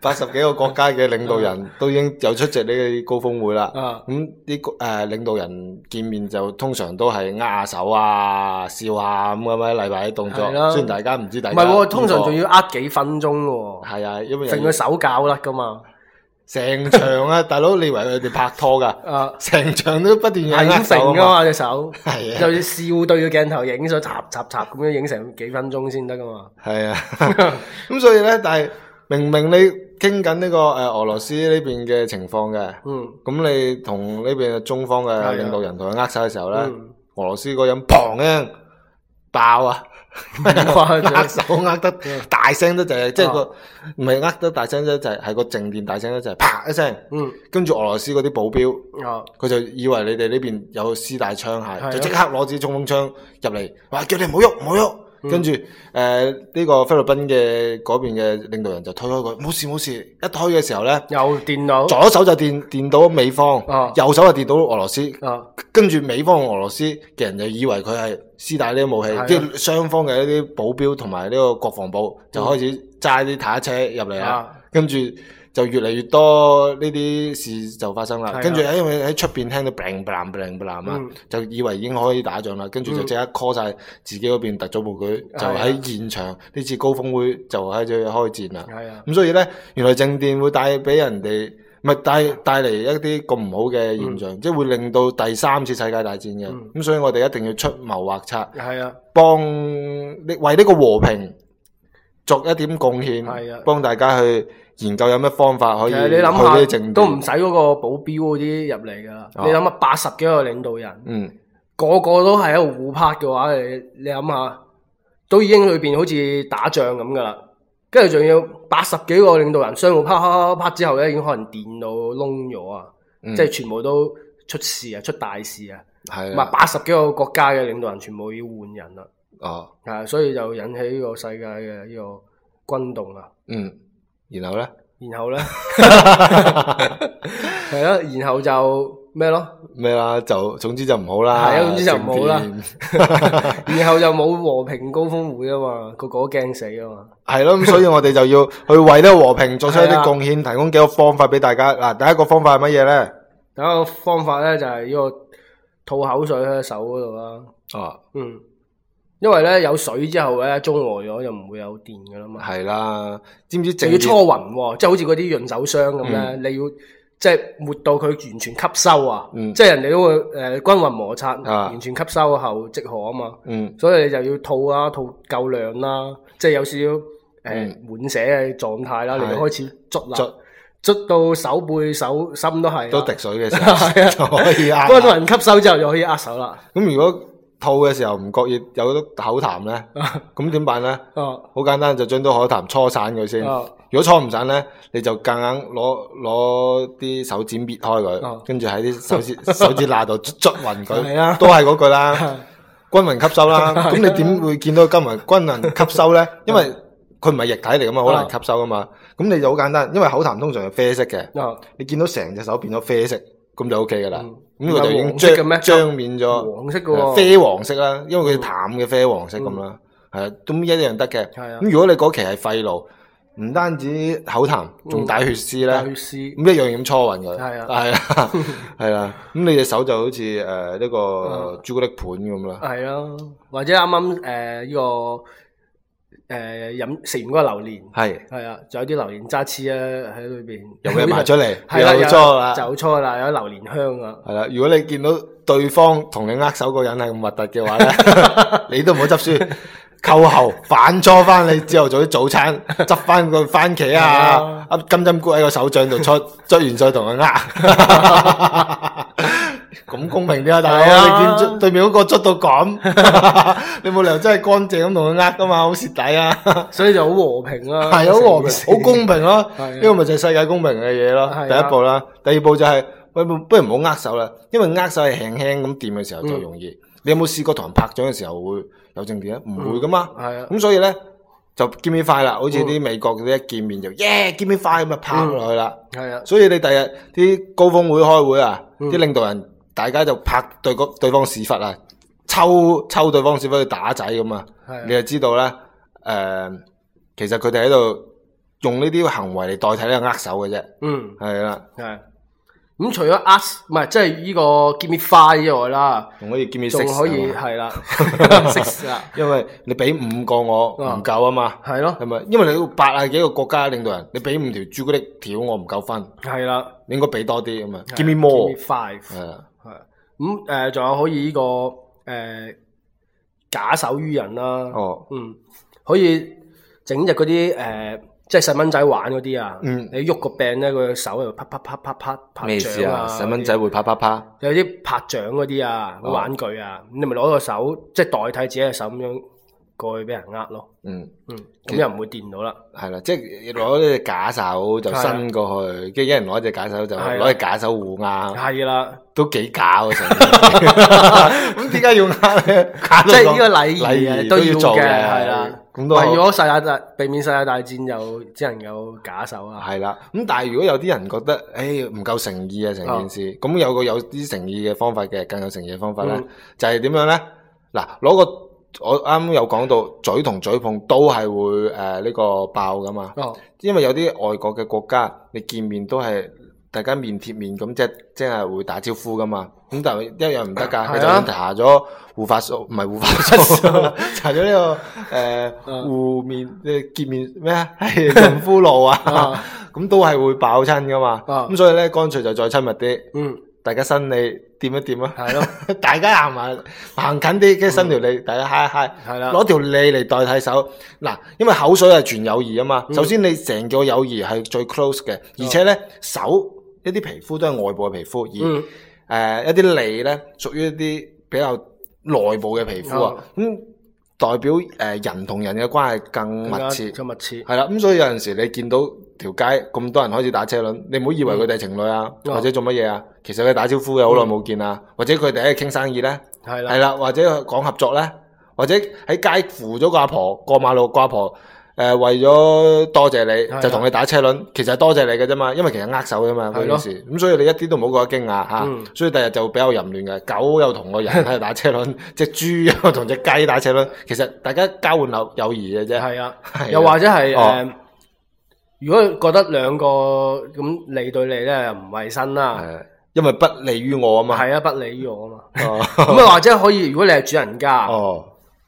Speaker 2: 八十幾個國家嘅領導人都已經就出席呢個高峰會啦。咁啲誒領導人見面就通常都係握下手啊、笑啊咁嘅咩，例牌啲動作。啊、雖然大家唔知大家。唔係喎，通常仲要呃幾分鐘喎、啊。係
Speaker 1: 啊，因為成個手搞甩噶嘛。成場啊， 大佬，你以為佢哋拍拖噶？啊，成場都不斷嘅握手啊嘛，隻手係啊，又手、啊、要笑對個鏡頭影，咗插插插咁樣影成幾分鐘先得噶嘛。係是啊，咁、 嗯、所以咧，但係
Speaker 2: 明明你傾緊呢個誒、呃、俄羅斯呢邊嘅情況嘅，嗯，咁你同呢邊嘅中方嘅領導人同佢握手嘅時候咧，俄羅斯嗰個人嘭嘅。嗯爆啊！ 握手握得大聲得滯 即係個唔係、哦、握得大聲得滯係，係個靜電大聲一齊、就是、啪一聲，嗯、跟住俄羅斯嗰啲保鏢，佢、哦、就以為你哋呢邊有私帶槍械，是的 就即刻攞支衝鋒槍入嚟，話叫你唔好喐，唔好喐。嗯、跟住，誒、呃、呢、這個菲律賓嘅嗰邊嘅領導人就推開佢，冇事冇事。事一推嘅時候咧，又電到左手就電電到美方，啊、右手就電到俄羅斯。啊、跟住美方同俄羅斯嘅人就以為佢係私帶呢啲武器，啊、即雙方嘅一啲保鏢同埋呢個國防部就開始揸啲坦克入嚟啦，跟住。就越嚟越多呢啲事就發生啦。跟住喺因為喺出邊聽到 bang bang bang bang 啊，就以為已經可以打仗啦。跟住就即刻 call 晒自己嗰邊突咗部佢，就喺現場呢次高峰會就喺度開戰啦。咁所以咧，原來靜電會帶俾人哋唔係帶帶嚟一啲咁唔好嘅現象，即係會令到第三次世界大戰嘅。咁所以我哋一定要出謀劃策，幫呢為呢個和平作一點貢獻，幫大家去。研究有咩方法可以去啲政？都唔使
Speaker 1: 嗰個保鏢嗰啲入嚟噶。哦、你諗下，八十幾個領導人，嗯，個個都係一互拍嘅話，你你諗下，都已經裏邊好似打仗咁噶啦。跟住仲要八十幾個領導人相互啪啪啪之後咧，已經可能電到窿咗啊，嗯、即係全部都出事啊，出大事啊，係同八十幾個國家嘅領導人全部要換人啦。哦、嗯，啊，所以就引起呢個世界嘅呢個轟動啦。嗯。
Speaker 2: 然後咧？
Speaker 1: 然後咧？係咯，然後就咩咯？
Speaker 2: 咩啦？ 就總之就唔好啦。係，總之就唔好啦。 然後
Speaker 1: 就冇和平高峰會啊嘛，個個驚死啊嘛。
Speaker 2: 係咯、啊，咁所以我哋就要去為呢個和平做出一啲貢獻， 提供幾個方法俾大家。嗱，第一個方法係乜嘢咧？
Speaker 1: 第一個方法咧就係呢、這個吐口水喺手嗰度啦。哦， 嗯。因為咧有水之後咧，中和咗就唔會有電噶啦嘛。係啦，知唔知？就要搓勻，即係好似嗰啲潤手霜咁咧，你要即係抹到佢完全吸收啊。即係人哋都會誒均勻摩擦，完全吸收後即可啊嘛。嗯，所以你就要塗啊，塗夠量啦，即係有少少誒漫瀉嘅狀態啦，你開始捽啦，捽到手背手心都係都滴水嘅時候就可以握。均勻吸收之後就可以握手啦。
Speaker 2: 咁如果吐嘅時候唔覺意有口痰咧，咁點辦咧？好、嗯、簡單，就將啲口痰搓散佢先。嗯、如果搓唔散咧，你就夾硬攞攞啲手指搣開佢，嗯、跟住喺啲手指手指罅度捽勻佢。嗯、都係嗰句啦，的均勻吸收啦。咁的、嗯、你點會見到均勻均勻吸收咧？因為佢唔係液體嚟噶嘛，好難吸收噶嘛。咁你就好簡單，因為口痰通常係啡色嘅，嗯嗯、你見到成隻手變咗啡色，咁就 OK 噶啦。呢個就已經將將變咗黃色嘅啡黃色啦、啊，因為佢淡嘅啡黃色咁啦，係啊、嗯，咁一樣得嘅。咁、嗯、如果你嗰期係肺癆，唔單止口痰，仲帶血絲咧，咁、嗯、一樣咁搓匀嘅，係啊，係啊，係啦。咁你隻手就好似誒呢個朱古力盤咁啦，
Speaker 1: 係咯、嗯，或者啱啱誒呢個。誒，飲食完嗰個榴蓮係係啊，仲有啲榴蓮渣翅啊喺裏邊，有冇啲麻嚟？係啦，走錯啦，走錯啦，有榴蓮香啊！
Speaker 2: 係啦，如果你見到對方同你握手個人係咁核突嘅話咧， 你都唔好執輸，扣喉，反搓翻你之後做啲早餐，執翻個番茄啊， 金針菇喺個手掌度搓，捽完再同佢握。握 明啲啊，大佬，你點捉對面嗰個捉到咁？你冇理由真係乾淨咁同佢呃噶嘛，好蝕底啊！所以就好和平咯，係好和平，好公平咯。呢個咪就係世界公平嘅嘢咯。第一步啦，第二步就係喂，不如唔好握手啦，因為握手係輕輕咁掂嘅時候就容易。你有冇試過同人拍掌嘅時候會有靜電啊？唔會噶嘛。咁所以咧就 give me five 啦，好似啲美國嗰啲一見面就耶 give me five 咁就拍落去啦。係啊，所以你第日啲高峰會開會啊，啲領導人。大家就拍對方屎忽啊，抽抽對方屎忽去打仔咁啊，你就知道啦，誒，其實佢哋喺度用呢啲行為嚟代替呢個握手嘅啫。嗯，係啦。
Speaker 1: 係。咁除咗握手，唔係即係呢個 Give Me Five 之外啦，同我哋 Give Me Six 可以係啦啦。
Speaker 2: 因為你俾五個我唔夠啊嘛。係咯。係咪？因為你八啊幾個國家領導人，你俾五條朱古力條我唔夠分。係啦。你應該俾多啲咁嘛。Give Me Five。係啦。
Speaker 1: 咁誒，仲有可以呢個誒假手於人啦。哦，嗯，可以整日嗰啲誒，即係細蚊仔玩嗰啲啊。嗯，你喐個柄咧，佢個手喺度啪啪啪啪啪拍掌啊！細蚊仔會啪啪啪。有啲拍掌嗰啲啊，玩具啊，你咪攞個手即係代替自己嘅手咁樣。過去俾人呃咯，嗯嗯，咁又唔會掂到啦，
Speaker 2: 係啦，即係攞隻假手就伸過去，跟住一人攞隻假手就攞隻假手互呃，係啦，都幾假喎，成件事，咁點解要呃？即係呢個禮儀都要做嘅，係啦，為咗
Speaker 1: 世界大避免世界大戰就只能有假手啊，係啦，
Speaker 2: 咁但係如果有啲人覺得誒唔夠誠意啊成件事，咁有個有啲誠意嘅方法嘅更有誠意嘅方法咧，就係點樣咧？嗱，攞個。我啱啱有講到嘴同嘴碰都係會誒呢、呃呢個爆㗎嘛，哦、因為有啲外國嘅國家，你見面都係大家面貼面咁，即係即係會打招呼㗎嘛。咁但係一樣唔得㗎，佢、啊、就搽咗護髮素，唔係護髮素，搽咗呢個誒護面即係見面咩啊？係潤膚露啊，咁都係會爆親㗎嘛。咁、啊啊、所以咧，乾脆就再親密啲。嗯嗯嗯大家伸脷掂一掂啊！係咯，大家行埋行近啲，跟住伸條脷，大家揩一揩。係啦，攞條脷嚟代替手。嗱，因為口水係傳友誼啊嘛。嗯、首先，你成個友誼係最 close 嘅，而且咧手一啲皮膚都係外部嘅皮膚，而誒、
Speaker 1: 嗯
Speaker 2: 呃、一啲脷咧屬於一啲比較內部嘅皮膚啊。咁、嗯嗯代表誒、呃、人同人嘅關係更密切，更密切係啦。咁、嗯、所以有陣時你見到條街咁多人開始打車輪，你唔好以為佢哋情侶啊，嗯、或者做乜嘢啊。其實佢打招呼嘅，好耐冇見啊，或者佢哋喺度傾生意咧，係啦的，係啦，或者講合作咧，或者喺街扶咗個阿婆，婆過馬路，阿婆，婆。誒，為咗多謝你，就同你打車輪，其實係多謝你嘅啫嘛，因為其實握手㗎嘛嗰件事，咁所以你一啲都唔好覺得驚訝吓，嗯、所以第日就比較淫亂嘅，狗又同個人喺度打車輪， 隻豬又同隻雞打車輪，
Speaker 1: 其實大家交換友友誼嘅啫，係啊，的的又或者係誒，哦、如果覺得兩個咁你對你咧唔衛生啦，因為不利於我啊嘛，係啊，不利於我啊嘛，咁啊、哦、 或者可以，如果你係主人家。哦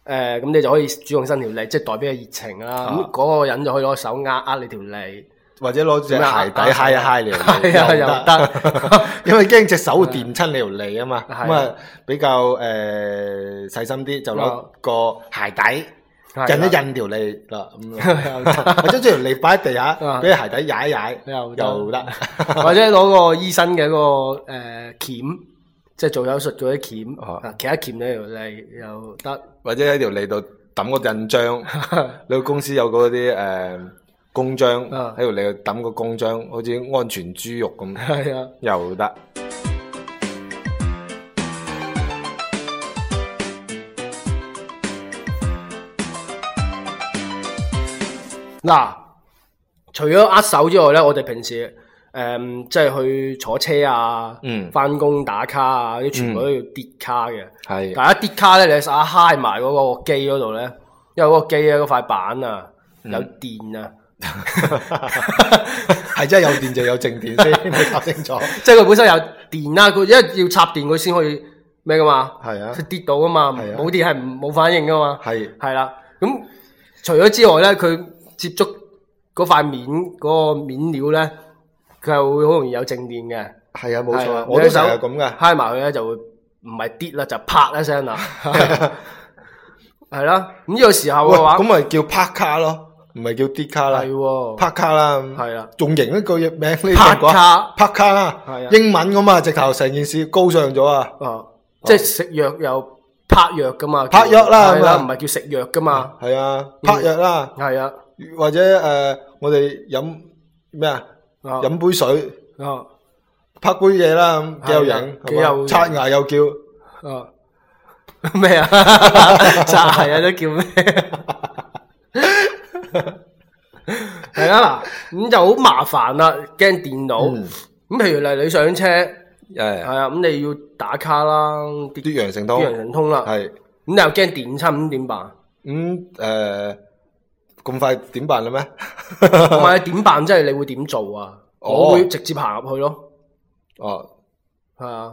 Speaker 1: 誒咁、嗯、你就可以主動伸條脷，即係代表嘅熱情啦。咁嗰的、嗯那個人就可以攞手壓壓你條脷，或者攞隻鞋底揩麼一揩你條脷，係啊的又得，又
Speaker 2: 因為驚隻手掂親你條脷啊嘛。咁啊的比較誒、呃、細心啲，就攞個鞋底
Speaker 1: 的印一印條脷啦。咁將條脷擺喺地下，俾隻鞋底踩一踩，又得。 或者攞個醫生嘅嗰個誒鉗。即係做手術做啲鉗，啊，其他鉗咧條脷又得，或者喺條脷度
Speaker 2: 揼個印章，你個 公司有嗰啲誒公章，喺度你揼個公章，好似安全豬肉咁，係啊，又得。
Speaker 1: 嗱、啊，除咗握手之外咧，我哋平時。誒，即係去坐車啊，翻工打卡啊，啲全部都要跌卡嘅。係，但一跌卡咧，你實下揩埋嗰個機嗰度咧，因為嗰個機咧嗰塊板啊有電啊，
Speaker 2: 係真係有電就有靜電先，你搞
Speaker 1: 清楚。即係佢本身有電啦，佢因為要插電佢先可以咩噶嘛？係啊，佢跌到噶嘛，冇電係唔冇反應噶嘛。係，係啦。咁除咗之外咧，佢接觸嗰塊面嗰個面料咧。佢係會好容易有靜電嘅，係啊，冇錯，我啲手咁噶，揩埋佢咧就唔係跌啦，就啪一聲啦，係啦。咁有時候嘅話，咁咪
Speaker 2: 叫拍卡咯，唔係叫跌卡啦，拍卡啦，係啊，仲型一個熱名呢個拍卡，拍卡啦，英文噶嘛，直頭成件事高尚咗啊，哦，即係食藥又
Speaker 1: 拍藥噶嘛，
Speaker 2: 拍藥啦，係啦，唔係叫食藥噶嘛，係啊，拍藥啦，或者我哋飲咩啊？飲杯水，哦，拍杯嘢啦咁，幾有人，有吧刷牙又叫，哦，咩啊？ 刷牙都叫咩？
Speaker 1: 係 啊，咁就好麻煩啦，驚電腦。咁、嗯、譬如嚟你上車，誒，係啊，咁你要打卡啦，啲羊城通，羊城通啦，係的，咁你又驚電親，咁點辦？咁誒、嗯。呃咁快點辦啦咩？唔係點辦，即係你會點做啊？哦、我會直接行入去咯。哦，係啊，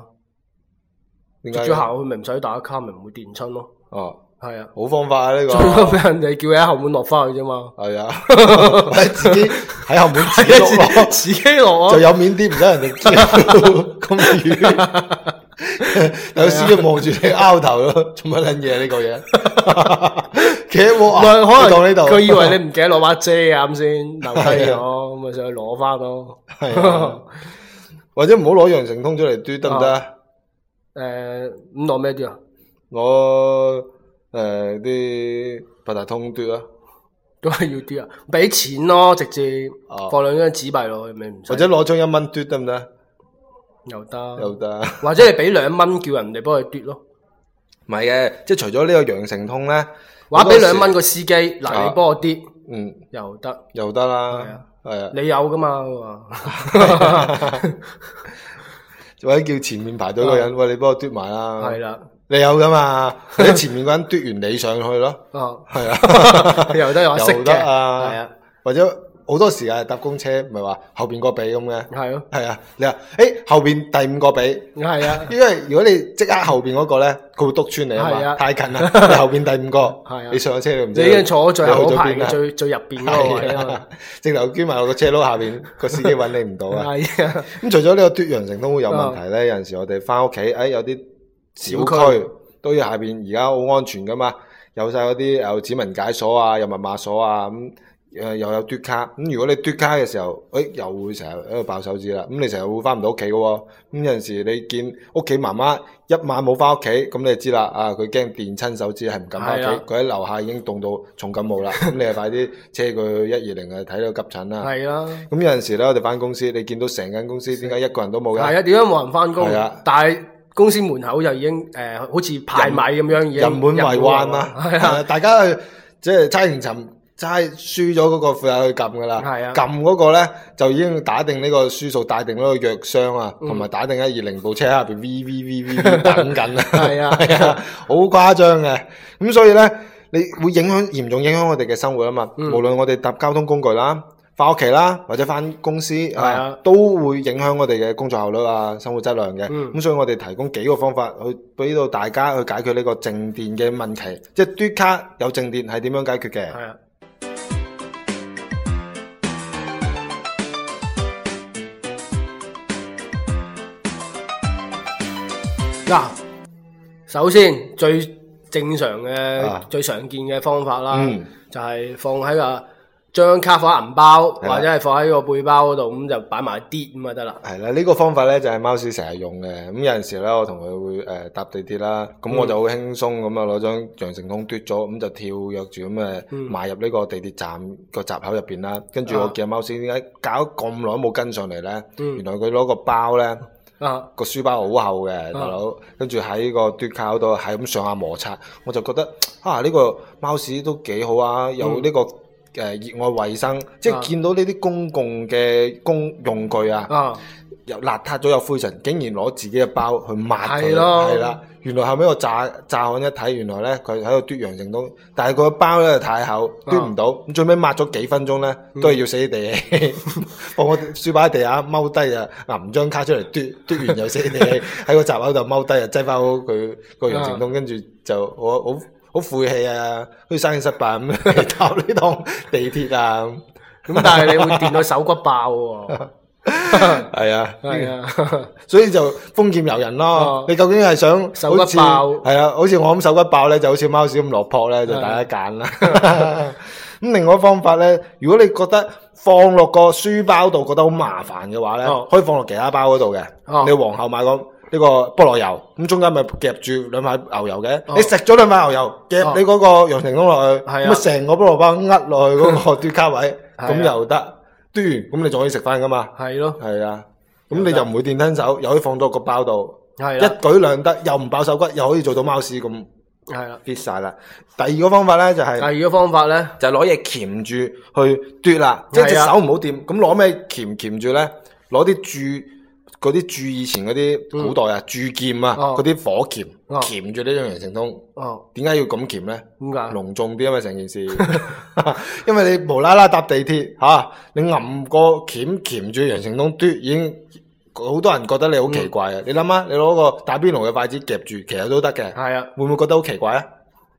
Speaker 1: 直接行去咪唔使打卡，咪唔會電親咯。哦，係啊，啊好方法啊呢、這個。最多係人哋叫你喺後門落翻去啫嘛。係啊，啊自自自，自己喺後門自己落，自己落就有
Speaker 2: 面啲，唔使人
Speaker 1: 哋知道咁遠。
Speaker 2: 有司都望住你
Speaker 1: 拗頭咯，做乜捻嘢，呢個嘢，其實冇可能。佢以為你唔記得攞把遮啊，咁先漏低咗，咁咪上去攞翻咯。係的， 或
Speaker 2: 者唔好攞羊城通出嚟
Speaker 1: 嘟得唔得啊？誒、哦，咁攞咩嘟啊？攞誒啲八達通嘟啦，行行都係要篤啊？俾錢咯，直接放兩張紙幣落去，或者攞張一蚊嘟得唔得？又得，又得？或者你畀兩蚊叫人哋幫你嘟咯。
Speaker 2: 唔係嘅，即係除咗呢個羊城通咧，話俾兩蚊個司機，嗱你幫我嘟，嗯，又得，又得啦，係啊，你
Speaker 1: 有噶嘛？或
Speaker 2: 者叫前面排隊個人，喂你幫我嘟埋啦，係啦，你有噶嘛？你前面個人嘟完你上去咯，哦，係啊，
Speaker 1: 你又得又得啊！係啊，或者。
Speaker 2: 好多時啊，搭公車咪話後邊個俾咁嘅，係咯，係啊，你話，誒後邊第五個俾，係啊，因為如果你即刻後邊嗰個咧，佢會督穿你啊嘛，太近啦，後邊第五個，你上咗車就唔，你已經坐咗最後嗰排，最最入邊嗰個位啦，直頭捐埋落個車廂下邊，個司機揾你唔到啊。咁除咗呢個奪羊城通都會有問題咧，有陣時我哋翻屋企，誒有啲小區都要下邊，而家好安全噶嘛，有晒嗰啲誒指紋解鎖啊，有密碼鎖啊咁。又有嘟卡，如果你嘟卡嘅時候，誒、哎、又會成日喺度爆手指啦。咁你成日會翻唔到屋企嘅喎。咁有陣時你見屋企媽媽一晚冇翻屋企，咁你就知啦。啊，佢驚電親手指係唔敢翻屋企，佢喺的樓下已經凍到重感冒啦。咁的你就快啲車佢去一二零去睇到 急診啦。係啦的。咁有陣時咧，我哋翻公司，你見到成間公司點解一個人都冇嘅？係啊，點解冇人翻工？係啊的。但係
Speaker 1: 公司門口又已經誒、呃，好似排米咁樣嘢，人滿為患啦。係啊， 大家去，即係差唔尋，尋。就係輸咗嗰個負責去撳噶啦，撳嗰、啊、個咧
Speaker 2: 就已經打定呢個輸數，打定呢個藥箱啊，同埋、嗯、打定一二零部車喺入邊 v v v v 等緊 啊，係啊係啊，好、啊啊、誇張嘅咁，所以咧你會影響嚴重影響我哋嘅生活啊嘛，無論我哋搭交通工具啦、翻屋企啦或者翻公司啊，啊都會影響我哋嘅工作效率啊、生活質量嘅。咁、嗯、所以我哋提供幾個方法去俾到大家去解決呢個靜電嘅問題，即係嘟卡有靜電係點樣解決嘅？
Speaker 1: 嗱、啊，首先最正常嘅，啊、最常見嘅方法啦，嗯、就係放喺個張卡放銀包，啊、或者係放喺個背包嗰度，咁就擺埋啲咁啊得啦。
Speaker 2: 係啦，呢個方法咧就係貓史成日用嘅，咁、嗯、有陣時咧我同佢會誒、呃、搭地鐵啦，咁、嗯、我就好輕鬆咁啊攞張羊城通嘟咗，咁、嗯、就跳躍住咁誒埋入呢個地鐵站個閘口入邊啦。跟住我見貓史點解搞咁耐都冇跟上嚟咧？嗯、原來佢攞個包咧。啊！個書包好厚嘅大佬，跟住喺個嘟卡度係咁上下摩擦，我就覺得啊呢、呢個貓史都幾好啊！有呢個誒熱愛衞生，啊、即係見到呢啲公共嘅公用具啊，啊又邋遢咗，有灰塵，竟然攞自己嘅包去抹佢，係啦的。原來後尾我炸炸響一睇，原來咧佢喺度嘟羊城通，但係個包咧太厚，嘟唔到。啊、最尾抹咗幾分鐘咧，嗯、都係要死地氣。我我衰擺喺地下踎低啊，攞張卡出嚟嘟，嘟完又死地氣喺個閘口度踎低，又擠翻好佢個羊城通，跟住就我好好晦氣啊，好似生意失敗咁嚟搭呢趟地鐵啊。咁 但係你會掂到手骨
Speaker 1: 爆喎、啊。
Speaker 2: 係啊，係啊，所以就豐儉由人咯。你究竟係想手骨爆？係啊，好似我咁手骨爆咧，就好似貓屎咁落魄咧，就大家揀啦。咁另外一方法咧，如果你覺得放落個書包度覺得好麻煩嘅話咧，可以放落其他包嗰度嘅。你皇后買個呢個菠蘿油，咁中間咪夾住兩塊牛油嘅。你食咗兩塊牛油，夾你嗰個羊城通落去，咁啊成個菠蘿包壓落去嗰個刷卡位，咁又得。奪，咁你仲可以食翻㗎嘛？係咯的，係啊的，咁你就唔會掂親手，的又可以放到個包度，的一舉兩得，又唔爆手骨，又可以做到貓史咁，係啦 fit 晒啦。第二個方法咧就係、是，第二個方法咧就攞嘢鉗住去嘟啦，即係隻手唔好掂。咁攞咩鉗鉗住咧？攞啲箸。嗰啲鑄，以前嗰啲古代、嗯、劍啊，鑄劍啊，嗰啲火鉗鉗住呢張羊城通，點解要咁鉗咧？咁噶隆重啲啊嘛成件事， 因為你無啦啦搭地鐵吓、啊，你撳個鉗鉗住羊城通，都已經好多人覺得你好奇怪、嗯、啊！你諗下，你攞個打邊爐嘅筷子夾住，其實都得嘅。係啊、嗯，會唔會覺得好奇怪啊？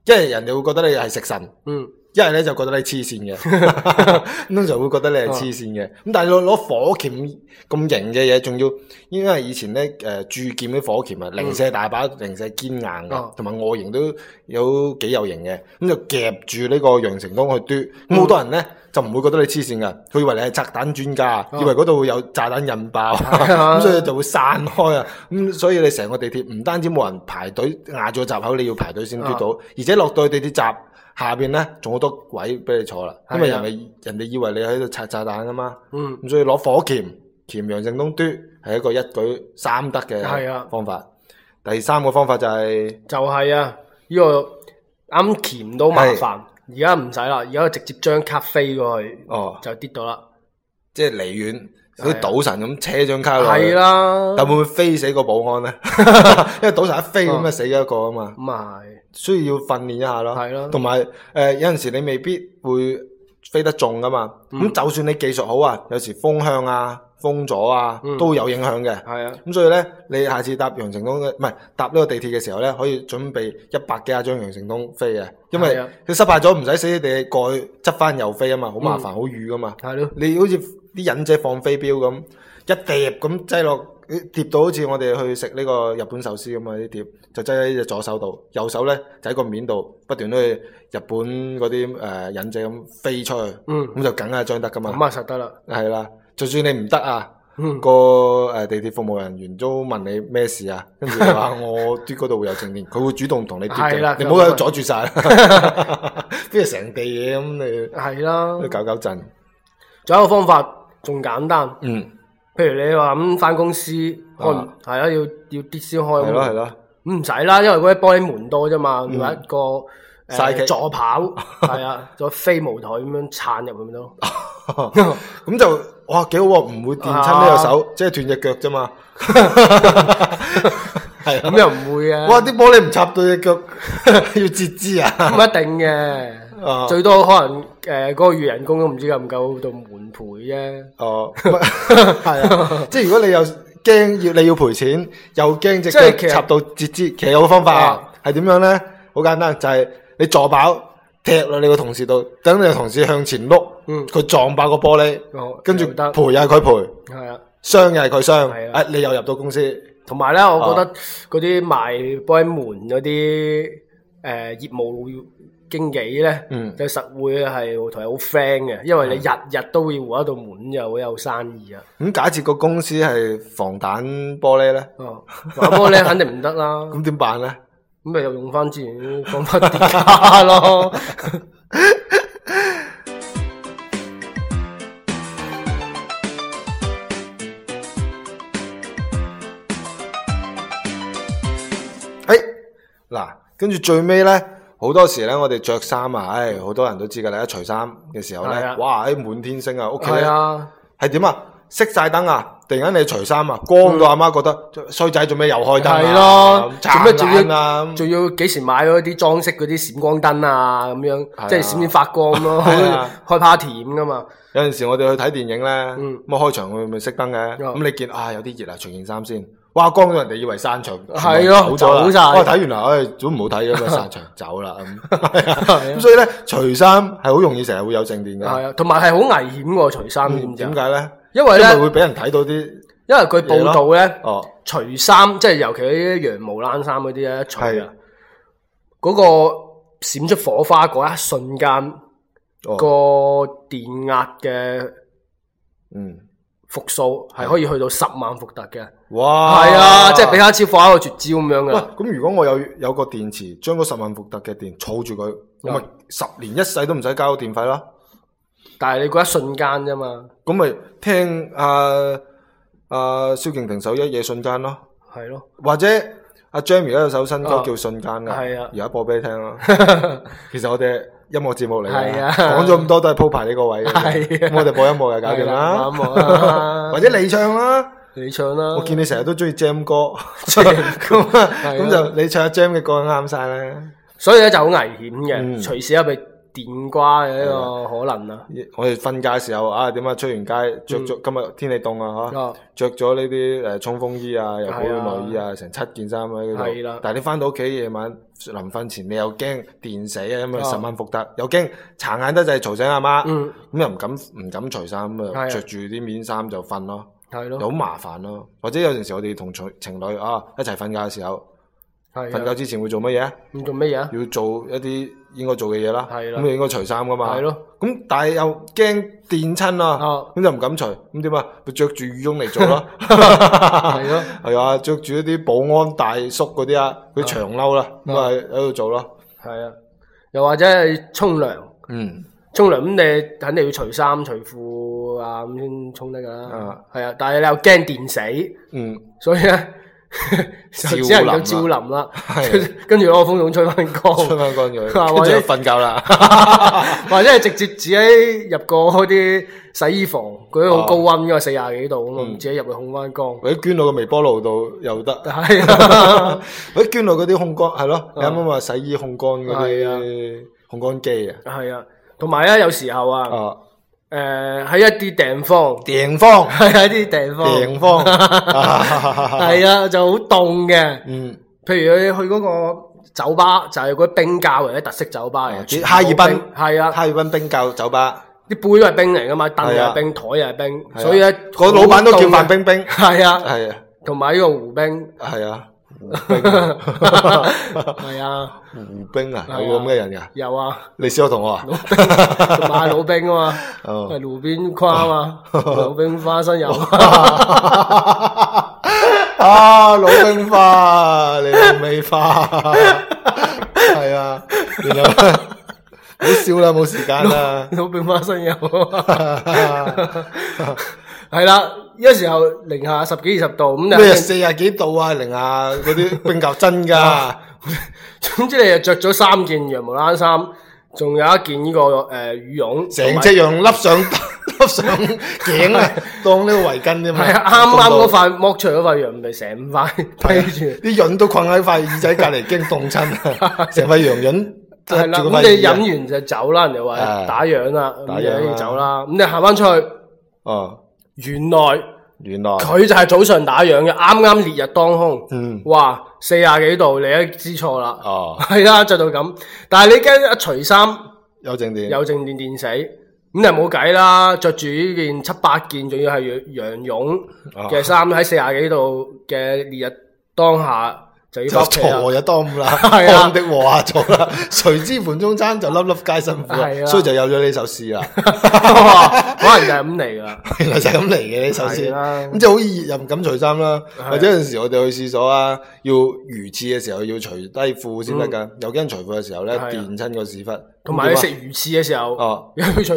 Speaker 2: 因為人哋會覺得你係食神。嗯。一係咧就覺得你黐線嘅，咁 就會覺得你係黐線嘅。咁 但係攞攞火鉗咁型嘅嘢，仲要因為以前咧誒、呃、鑄劍啲火鉗啊，零舍大把，零舍堅硬嘅，同埋 外形都有幾有型嘅。咁就夾住呢個羊城通去嘟。咁好多人咧就唔會覺得你黐線嘅，佢以為你係拆彈專家，以為嗰度會有炸彈引爆，咁 所以就會散開啊。咁所以你成個地鐵唔單止冇人排隊，亞咗閘口你要排隊先嘟到， 而且落到去地鐵閘下邊咧仲好多位俾你坐啦，因為人哋的人哋以為你喺度拆炸彈噶嘛，咁、嗯、所以攞火鉗，鉗楊正東端係一個一舉三得嘅方法。
Speaker 1: 的第三個方法就係、是、就係啊，呢、這個啱鉗都麻煩，而家唔使啦，而家直接將卡飛過去，哦、就跌到啦，即係離遠。好似賭神咁車張卡落，去，係啦的，但會
Speaker 2: 唔會飛死個保安咧？ 因為賭神一飛咁就、啊、死咗一個啊嘛。咁咪需要訓練一下咯。咯的，同埋誒，有陣時你未必會飛得中噶嘛。咁、嗯、就算你技術好啊，有時風向啊。封咗啊，都會有影響嘅。係啊、嗯，咁所以咧，你下次搭羊城通嘅，唔係搭呢個地鐵嘅時候咧，可以準備一百幾啊張羊城通飛嘅，因為佢失敗咗，唔使死死哋過去執翻右飛啊嘛，好麻煩，好淤噶嘛。係咯的，你好似啲忍者放飛鏢咁，一揼咁擠落啲碟到，好似我哋去食呢個日本壽司咁啊啲碟，就擠喺隻左手度，右手咧就喺個面度不斷都去日本嗰啲誒忍者咁飛出去，嗯，咁就梗係張得噶嘛。咁啊實得啦，係啦。就算你唔得啊，嗯、個誒地鐵服務人員都問你咩事啊，跟住話我啲嗰度會有正電，佢 會主動同你跌嘅的， 你唔好阻住晒，跟
Speaker 1: 住成地嘢咁你？係啦，搞搞震。仲有一個方法仲簡單，嗯，譬如你話咁翻公司開，係啊，要要跌先開，係咯係咯，唔使啦，因為嗰啲玻璃門多啫嘛，要、嗯、
Speaker 2: 一個誒、呃、助
Speaker 1: 跑，係啊， 做飛毛腿咁樣撐入去咪得
Speaker 2: 咁、哦、就哇幾好喎，唔會電親呢個手，啊、即係斷隻腳啫嘛。
Speaker 1: 係咁又唔會啊！哇，啲玻璃唔插到隻腳，要截肢啊？唔一定嘅，啊、最多可能誒嗰、呃那個月人工都唔知夠唔夠到滿賠啫。哦，係
Speaker 2: 啊，即係如果你又驚要你要賠錢，又驚隻腳插到截肢，其實有個方法係點、啊、樣咧？好簡單，就係、是、你坐飽。踢啦！你個同事到，等你個同事向前碌，佢撞爆個玻璃，跟住得賠
Speaker 1: 又係佢賠，係啊，傷又係佢傷，哎，你又入到公司。同埋咧，我覺得嗰啲賣玻璃門嗰啲誒業務經紀咧，就實會係同你好 friend 嘅，因為你日日都要換一度門，又會有生意啊。咁
Speaker 2: 假設個公司係防彈玻璃咧，哦，防彈玻璃肯
Speaker 1: 定唔得啦。咁點辦咧？咁咪又用翻之前講翻啲家咯。
Speaker 2: 哎，嗱，跟住最尾咧，好多時咧，我哋着衫啊，唉、哎，好多人都知噶啦。一除衫嘅時候咧，的哇，啲、哎、滿天星啊，屋企咧係點啊？熄晒燈啊！突然間你除衫啊，光到阿媽覺得衰仔做咩又開燈啊？係咯，點解仲要？
Speaker 1: 仲要幾時買咗啲裝飾嗰啲閃光燈啊？咁樣即係閃閃發光咯，開 party 咁啊嘛。有
Speaker 2: 陣時我哋去睇電影咧，咁啊開場咪熄燈嘅，咁你見啊有啲熱啊，除件衫先，哇，光咗人哋以為散場，係咯，走咗啦。哦，睇完啦，唉，總唔好睇咁啊，散場走啦。咁所以咧，除衫係好容易成日會有靜電嘅，係啊，
Speaker 1: 同埋係好危險嘅除衫，點解咧？因為咧會俾人睇到啲，因為佢報道咧、哦，除衫即係尤其啲羊毛冷衫嗰啲咧，除嗰是、啊、個閃出火花嗰一瞬間，哦、個電壓嘅嗯伏數係可以去到十萬伏特嘅，哇！係啊，哇 即係俾一次火花個絕
Speaker 2: 招咁樣嘅。喂，咁如果我有有個電池，將嗰十萬伏特嘅電儲住佢，咁咪是、啊、十年一世都唔使交電費啦。但係你嗰一瞬間啫嘛。咁咪聽阿阿蕭敬騰首《一夜瞬間》咯，係
Speaker 1: 咯，
Speaker 2: 或者阿 Jam 而家有首新歌叫《瞬間》噶，係啊，而家播俾你聽咯。其實我哋音樂節目嚟，講咗咁多都係鋪排呢個位，係，我哋播音樂就搞掂啦。或者你唱啦，你唱啦。我見你成日都中意 Jam 歌，咁就你唱阿 Jam 嘅歌啱晒咧。所以咧就好危險嘅，隨時啊被。電瓜嘅呢個可能啦，嗯、我哋瞓覺嘅時候啊，點啊，出完街着咗，今日天氣凍啊，吓，着咗呢啲誒衝鋒衣啊，又保暖衣啊，啊成七件衫喺嗰度，啊、但係你翻到屋企夜晚臨瞓前，你又驚電死啊，因為十萬伏特，又驚殘眼得就係嘈醒阿媽，咁又唔敢唔敢除衫，咁啊着住啲棉衫就瞓咯，係咯、啊，好、啊、麻煩咯，或者有陣時我哋同情情侶啊一齊瞓覺嘅時候，
Speaker 1: 瞓、啊啊、覺之
Speaker 2: 前會做乜嘢啊？做乜嘢啊？要做一啲。應該做嘅嘢啦，咁你應該除衫噶嘛，咁但係又驚電親啊，咁就唔敢除，咁點啊？咪着住羽絨嚟做咯，係咯，係啊，着住一啲保安大
Speaker 1: 叔嗰啲啊，啲長褸啦，咁啊喺度做咯，係啊，又或者係沖涼，嗯，沖涼咁你肯定要除衫除褲啊，咁先沖得噶啦，係啊，但係你又驚電死，嗯，所以咧。只能夠照淋啦、 啊，對跟住攞個風筒吹翻乾，吹翻乾佢或瞓覺啦，或者係直接自己入過啲洗衣房，佢啲好高溫嘅四廿幾度啊，嗯、自己入去烘翻乾，或
Speaker 2: 者捐落個微波爐度
Speaker 1: 又得，啊、 或者捐落嗰啲烘乾係咯，你啱啱話洗衣烘乾嗰啲
Speaker 2: 烘乾機啊，係
Speaker 1: 啊，同埋啊，有時候啊。哦誒，喺一啲地方，地方係一啲地方，地方係啊，就好凍嘅。嗯，譬如你去嗰個酒吧，就係嗰啲冰窖或者特色酒吧嚟。嘅。喺哈爾濱係啊，哈爾濱冰窖酒吧，啲杯都係冰嚟噶嘛，凳又係冰，台又係冰，所以咧個老闆都叫范冰冰，係啊，係啊，同埋呢個胡冰，係啊。
Speaker 2: 湖兵係啊， 啊胡兵啊，有咁嘅人噶、啊啊？有啊，你小學同學啊？
Speaker 1: 賣老冰啊嘛，係路邊跨啊嘛，老冰花生油啊，老冰花，花，啊 啊、花，
Speaker 2: 你未花？係 啊，原來 你好笑啦，啊，冇時間啦，
Speaker 1: 啊，老冰花生油，啊。 係啦，呢個時候零下十幾二十度咁，咩四廿幾度啊？零下嗰啲冰球真噶，總之你又着咗三件羊毛冷衫，仲有一件呢個誒羽絨，成隻羊笠上笠上頸啊，當呢個圍巾
Speaker 2: 啫嘛。係啊，啱啱嗰塊
Speaker 1: 剝除嗰塊羊皮，成塊披住，啲絨都困喺塊耳仔隔籬，驚凍親啊！成塊羊絨，就係啦，咁你飲完就走啦，人哋話打烊啦，打烊要走啦。咁你行翻出去，哦。原來，原來佢就係早上打烊嘅。啱啱烈日當空，嗯，哇四十幾度，你都知錯啦，哦，係啦，著到咁，但係你驚一除衫，
Speaker 2: 有靜電，有
Speaker 1: 靜電電死，咁就冇計啦，著住呢件七八件，仲要係羊羊絨嘅衫喺四十幾度嘅烈日當下。就鋤禾日
Speaker 2: 當午，汗 是滴禾下土。誰知盤中餐，就粒粒皆辛苦， 是的 所以就有咗呢首詩啦。可能就係咁嚟噶，原來就係咁嚟嘅呢首詩。咁就係好熱又唔敢除衫啦，或者有陣時我哋去廁所啊，要如廁嘅時候要除低褲先得噶，又驚除褲嘅時候呢電親個屎忽。同埋你食
Speaker 1: 魚翅嘅時候，啊、 夫要除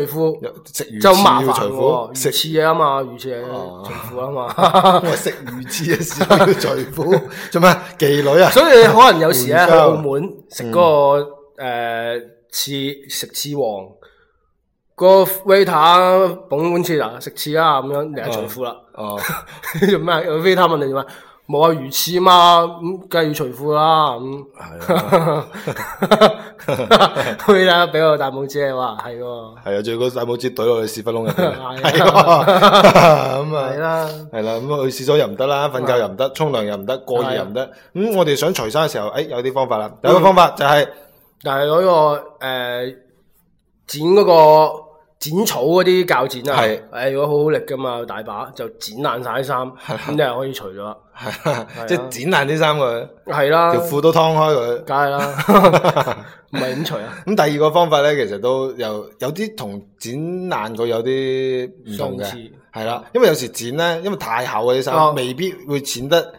Speaker 1: 褲，就好麻煩。吃翅嘢啊嘛，魚翅啊，除褲啊嘛。我食魚翅嘅時候要除褲， 做咩妓女啊？所以可能有時咧喺澳門食嗰、嗰個誒翅食翅王，嗰個 waiter 捧碗翅啊食翅啊咁樣，你係除褲啦。哦， 做咩？waiter 問你做咩？冇啊，魚翅嘛，咁梗係要除褲啦。咁，去啦，俾我大拇指話係
Speaker 2: 喎。係啊，啊，最好大拇指懟落去屎忽窿入邊。咁啊，係啦、啊，係啦、 啊，咁去廁所又唔得啦，瞓覺又唔得，沖涼、啊、又唔得，過夜又唔得，咁、啊嗯、我哋
Speaker 1: 想除衫嘅時候，誒、哎、有啲方法啦，有一個方法就係、是，就係攞個誒剪嗰個。呃剪草嗰啲較剪啊，如果好好力噶嘛，大把就剪爛晒啲衫，咁就可以除咗，
Speaker 2: 即
Speaker 1: 剪爛啲衫佢，係啦，條褲都劏開佢，梗係啦，唔係點除啊？咁第二個方法呢，其
Speaker 2: 實都又有啲同剪爛過有啲唔同嘅，係啦，因為有時剪呢，因為太厚嗰啲衫未必會剪得。.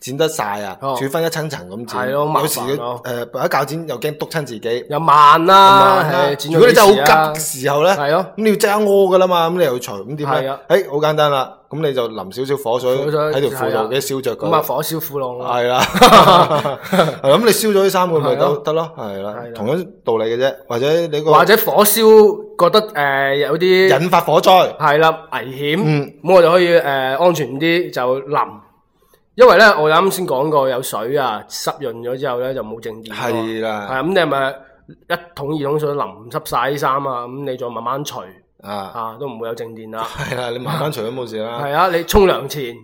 Speaker 2: 剪得晒啊，要分一層層咁剪，有時誒，鉸剪又驚篤親自己，又慢啦。如果你真係好急嘅時候咧，係咯，咁你要爭屙噶啦嘛，咁你又要除，咁點解？誒，好簡單啦，咁你就淋少少火水喺條褲度，幾燒着佢。咁啊，火
Speaker 1: 燒褲浪咯。係啦，咁你燒咗啲衫佢咪得得
Speaker 2: 咯，係啦，係同樣道理嘅啫。或者你個或者
Speaker 1: 火燒覺得誒有啲引發火災，係啦，危險，咁我就可以誒安全啲就淋。因為呢，我啱先講過有水啊，濕潤咗之後呢就冇靜電了。係啦的，係啊，咁、嗯、你係咪一桶二桶水淋濕晒啲衫啊？咁、嗯、你再慢慢除、啊啊、都唔會有靜電啦。
Speaker 2: 係啦，你慢慢除都冇事啦。係
Speaker 1: 啊，你沖涼前。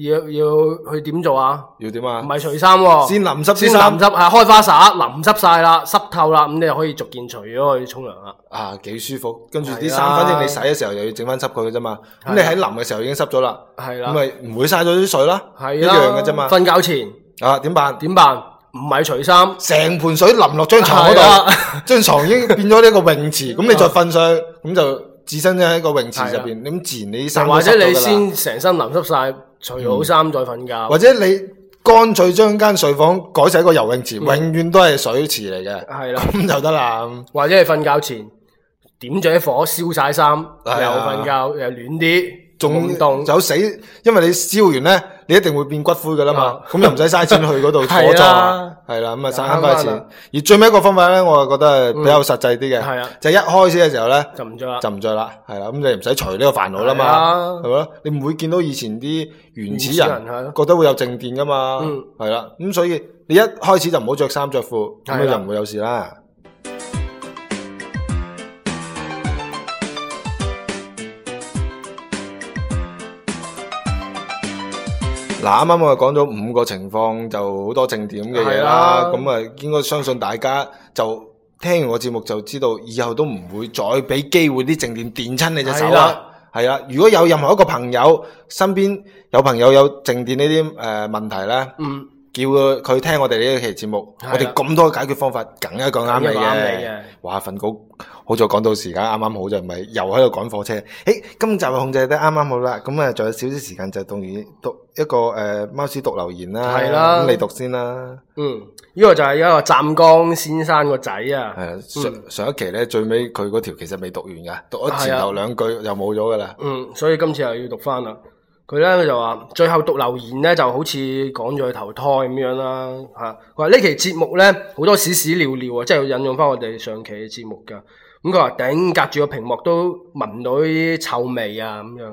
Speaker 1: 要要去點做啊？要點啊？唔係除衫，先淋濕，先淋濕，係開花灑淋濕晒啦，濕透啦，咁你就可以逐漸除咗去沖涼啦。
Speaker 2: 啊，幾舒服！跟住啲衫，反正你洗嘅時候又要整翻濕佢嘅啫嘛。
Speaker 1: 咁你喺淋嘅時候已經濕咗啦，係啦，咁咪
Speaker 2: 唔會嘥咗啲水啦，係一樣嘅啫嘛。瞓覺前啊，點辦？點辦？唔係除衫，成盆水淋落張床嗰度，張床已經變咗呢個泳池，咁你再瞓上，咁就置身喺一個泳池入邊，咁自然你啲衫或者你先
Speaker 1: 成身淋濕晒。除好衫再瞓覺，嗯，或者
Speaker 2: 你乾脆將間睡
Speaker 1: 房改成一個游泳池，嗯、永遠都係水池嚟嘅，係啦的，咁就得啦。或者你瞓覺前點著啲火燒，燒晒衫，又瞓覺又暖啲，仲唔
Speaker 2: 凍？凍就死，因為你燒完呢。你一定會變骨灰噶啦嘛，咁就唔使嘥錢去嗰度坐坐，係啦，係啦，咁啊省翻塊錢。而最尾一個方法呢，我啊覺得比較實際啲嘅，就一開始嘅時候咧，就唔着啦，就唔着啦，係啦，咁你唔使除呢個煩惱啦嘛，係咪？你唔會見到以前啲原始人覺得會有靜電噶嘛，係啦，咁所以你一開始就唔好着衫着褲，咁啊就唔會有事啦。嗱，啱啱我講咗五個情況就好多靜電嘅嘢啦，咁啊的應該相信大家就聽完我節目就知道，以後都唔會再俾機會啲靜電電親你隻手啦。係啊的，如果有任何一個朋友身邊有朋友有靜電呢啲誒問題呢，嗯。叫佢聽我哋呢一期節目，的我哋咁多解決方法，梗一個啱你嘅。話份稿好在講到時間啱啱，而啱啱好就唔係又喺度趕火車。誒、哎，今集嘅控制得啱啱好啦，咁、嗯、啊，仲有少少時，時間就當然讀，讀一個誒、呃、貓史讀留言啦。係啦的，咁你讀先啦。嗯，
Speaker 1: 呢、這個就係一個湛江先生個仔啊。係上、嗯、上一期咧，
Speaker 2: 最尾佢嗰條其實未讀完嘅，讀咗前頭兩句的又冇咗噶啦。的嗯，
Speaker 1: 所以今次又要讀翻啦。佢咧就話最後讀留言咧就好似趕咗去投胎咁樣啦吓，佢話呢期節目咧好多屎屎尿尿啊，史史料料即係引用翻我哋上期嘅節目噶。咁佢話頂隔住個屏幕都聞到啲臭味啊咁樣。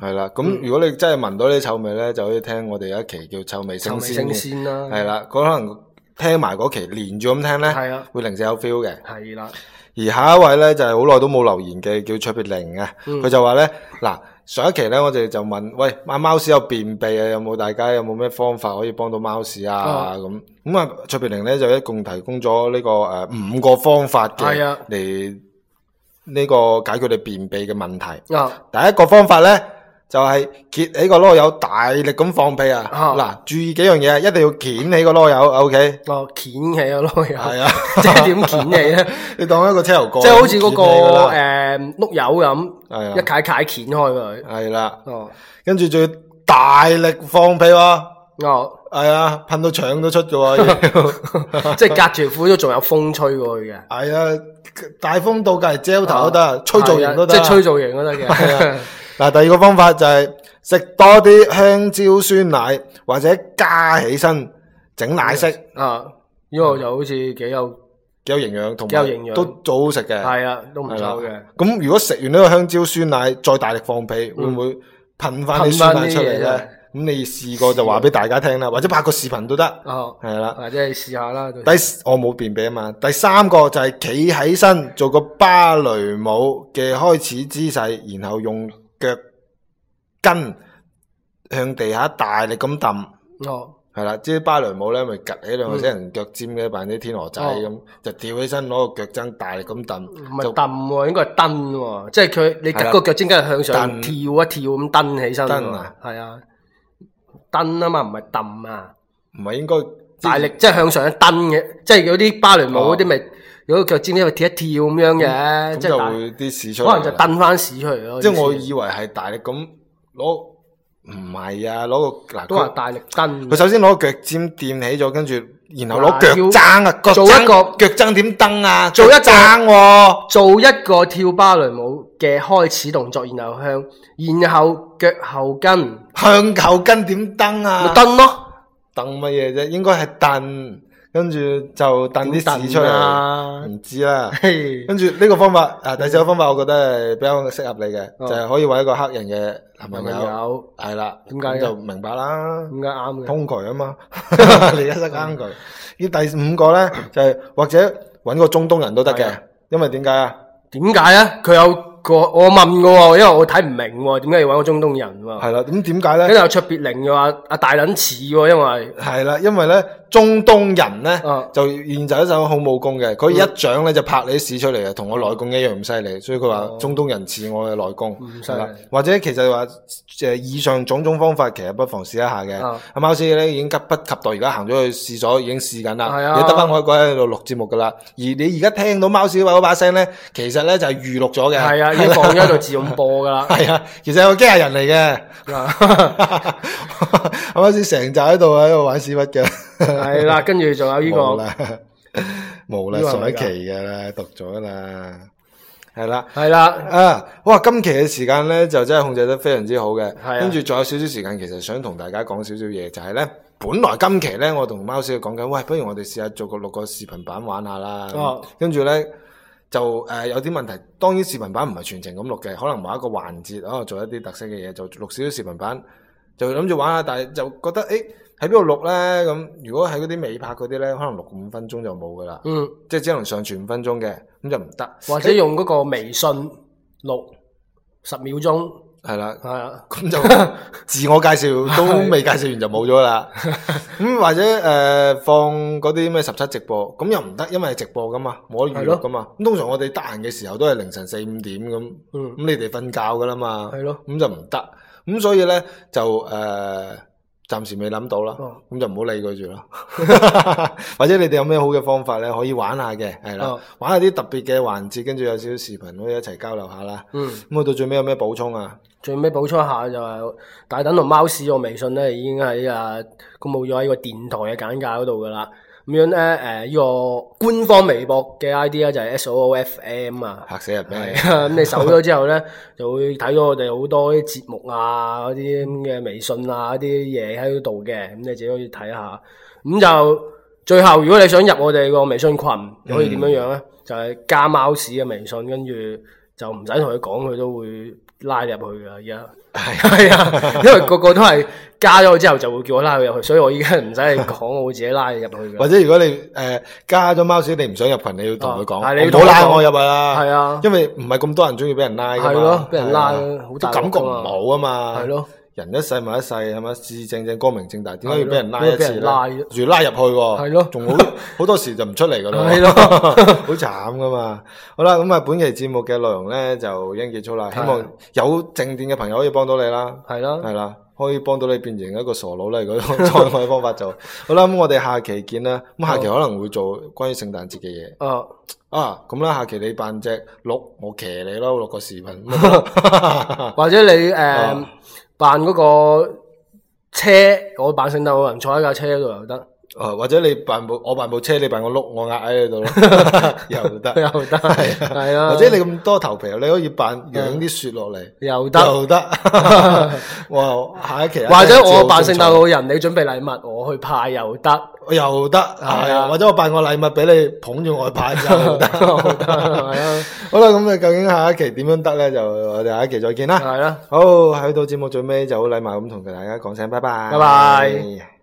Speaker 1: 係、啊、啦，咁如果你真係聞到啲臭味咧，就可以聽我哋有一期叫《臭味升仙》臭。臭味升仙啦。係
Speaker 2: 啦了，佢可能聽埋嗰期連住咁聽咧，了會零舍有 feel 嘅。
Speaker 1: 係啦了，
Speaker 2: 了而下一位咧就係好耐都冇留言嘅叫卓別玲嘅，佢就話咧嗱。嗯嗯上一期咧，我哋就問，喂，買貓屎有便秘啊？有冇大家有冇咩方法可以幫到貓屎啊？咁咁啊，卓別玲咧就一共提供咗呢、呢個誒、呃、五個方法嘅嚟呢個解決你便秘嘅問題。嗯、第一個方法咧。就係揭起個籮柚大力咁放屁啊！嗱，注意幾樣嘢啊，一定要揭起個
Speaker 1: 籮柚。OK 哦，揭起個籮柚。係啊，即係點揭起咧？你當一個車頭哥，即係好似嗰個誒碌柚咁，係一解解揭開佢，係啦。哦，跟住再大力放屁喎！哦，係啊，噴到腸都出咗，即係隔住褲都仲有風吹過去嘅。係啊，大風到計遮頭都得，吹造型都得，即係吹造型都得嘅。
Speaker 2: 嗱、啊，第二個方法就係、是、食多啲香蕉酸奶，或者加起身整奶昔。啊，呢個就好似幾有幾有營養，同埋都做好食嘅。係啊，
Speaker 1: 都唔錯嘅。
Speaker 2: 咁如果食完呢個香蕉酸奶，再大力放屁，嗯、會唔會
Speaker 1: 噴翻啲酸奶出嚟咧？
Speaker 2: 咁你試過就話俾大家聽啦，試或者拍個視頻都得。哦、啊，係啦
Speaker 1: 吧，或者你試下啦。吧第
Speaker 2: 我冇便秘啊嘛。第三個就係企起身，做個芭蕾舞嘅開始姿勢，然後用。腳跟向地下大力咁掟哦，係啦，即係芭蕾舞咧，咪夾起兩個死人腳尖嘅，扮啲天鵝仔咁，就跳起身攞個腳踭大力咁掟，
Speaker 1: 唔係掟喎，應該係蹬喎，即係佢你夾個腳尖梗係向上跳一跳咁蹬起身，係啊，蹬啊嘛，唔係掟啊，唔係應該大力即係向上一蹬嘅，即係有啲芭蕾舞嗰啲咪。如果腳尖因為跳一跳咁、嗯、樣嘅，即係啲屎出嚟，可能就蹬翻屎
Speaker 2: 出嚟咯。即係我以為係大力咁攞，唔係啊，攞個嗱
Speaker 1: 都係大力蹬。佢首先
Speaker 2: 攞個腳尖墊起咗，跟住然後攞腳踭啊，腳做一個腳踭點蹬啊？做一踭，
Speaker 1: 做一個跳芭蕾舞嘅開始動作，然後向然後腳後跟向後跟點蹬啊？蹬咯、啊，蹬乜嘢啫？應該係
Speaker 2: 蹬。跟住就彈啲屎出嚟啦，唔知啦。跟住呢個方法，啊第四個方法，我覺得係比較適合你嘅，就係可以揾一個黑人嘅男朋友，係啦。點解就唔明白啦？點解啱嘅？通渠啊嘛，你一得啱佢。而第五個咧，就係或者揾個中東人都得嘅，因為點解
Speaker 1: 啊？點解啊？佢有。我問嘅喎，因為我睇唔明喎，點解要揾個中東人喎？係啦，咁點解咧？因為卓別靈嘅阿阿大撚似喎，因為係啦，因為咧
Speaker 2: 中東人咧就原就一種好武功嘅，佢一掌咧就拍你啲屎出嚟嘅，同我內功一樣咁犀利，所以佢話中東人似我嘅內功。唔犀利，或者其實話誒以上種種方法其實不妨試一下嘅。阿貓屎咧已經急不及待，而家行咗去試咗，已經試緊啦。係啊，要得翻我一個喺度錄節目嘅啦。而你而家聽到貓屎嗰把聲咧，其實咧就係預錄咗嘅。係啊。喺經放咗喺度自動播噶啦，係啊，其實係個機械人嚟嘅。我貓史成集喺度喺度玩屎忽嘅，係 啦，跟住仲有呢、這個
Speaker 1: 冇啦，是是上
Speaker 2: 一期嘅讀咗啦，係啦，係啦的，啊，哇，今期嘅時間咧就真係控制得非常之好嘅，係的，跟住仲有少少時間，其實想同大家講少少嘢，就係、是、咧，本來今期咧我同貓史講緊，喂，不如我哋試下做個六個視頻版玩下啦，嗯嗯、跟住咧。就誒、呃、有啲問題，當然視頻版唔係全程咁錄嘅，可能某一個環節可能做一啲特色嘅嘢，就錄少少視頻版，就諗住玩下。但係就覺得誒喺邊度錄咧？咁如果喺嗰啲美拍嗰啲咧，可能錄五分鐘就冇噶啦，嗯，即係只能上傳五分鐘嘅，咁就唔得。或者用嗰
Speaker 1: 個微信錄十秒鐘。係啦，咁就
Speaker 2: 自我介紹都未介紹完就冇咗啦。咁或者誒放嗰啲咩十七直播，咁又唔得，因為係直播噶嘛，冇得娛樂噶嘛。通常我哋得閒嘅時候都係凌晨四五點咁，咁你哋瞓覺噶啦嘛，咁就唔得。咁所以咧就誒暫時未諗到啦，咁就唔好理佢住啦。或者你哋有咩好嘅方法咧，可以玩下嘅，係啦，玩下啲特別嘅環節，
Speaker 1: 跟住有少少視頻可以一齊交流下啦。嗯，咁去到最尾有咩補充啊？最尾補充一下就係、是、大躉同貓屎個微信咧，已經喺啊公佈咗喺個電台嘅簡介嗰度㗎喇。咁樣咧誒，依、呃這個官方微博嘅 ID 咧就係 SOOFM 啊，嚇
Speaker 2: 死人！咁你搜咗
Speaker 1: 之後咧，就會睇到我哋好多啲節目啊，嗰啲咁嘅微信啊，嗰啲嘢喺度嘅。咁你自己可以睇下。咁就最後，如果你想入我哋個微信群，你、嗯、可以點樣樣咧？就係、是、加貓屎嘅微信，跟住就唔使同佢講，佢都會。拉入去噶，而家係啊， 因為個個都係加咗之後就會叫我拉佢入去，所以我而家唔使你講， 我自己拉你入去。或
Speaker 2: 者如果你誒、呃、加咗貓史，你唔想入群，你要同佢講，唔好拉我入去啊。係啊，的因為唔係咁多人中意俾人拉噶嘛，俾人拉好感覺唔好啊嘛。係咯。人一世物一世係咪？事正正光明正大，點解要俾人拉一次咧？俾人拉，仲拉入去喎。係咯， 仲好好多時就唔出嚟㗎啦。係咯，好慘㗎嘛。好啦，咁、嗯、啊，本期節目嘅內容咧就已經結束啦。啊、希望有靜電嘅朋友可以幫到你啦。係咯、啊，係啦，可以幫到你變成一個傻佬咧。嗰種方法就 好啦。咁、嗯、我哋下期見啦。咁下期可能會做關於聖誕節嘅嘢、 啊嗯。啊啊，咁、嗯、啦，下期你扮隻鹿，我騎你咯，錄個視頻。
Speaker 1: 或者你誒，Um, 扮嗰個車，我扮聖誕老人坐喺架車度又得。或者你扮部，我扮部車，你扮個碌，我壓喺你度咯，又 得又 得 或者你
Speaker 2: 咁多頭皮，你可以扮養啲雪落嚟，又得又得 哇，下一期一 或者我扮聖誕老
Speaker 1: 人， 你準備禮物，我去派又得。又得，的或者我辦個禮物俾你捧住外牌
Speaker 2: 就得，係好啦，咁你究竟下一期點樣得呢？就我哋下一期再見啦，的好喺度節目最尾就好禮貌咁同大家講聲拜拜，拜拜。拜拜。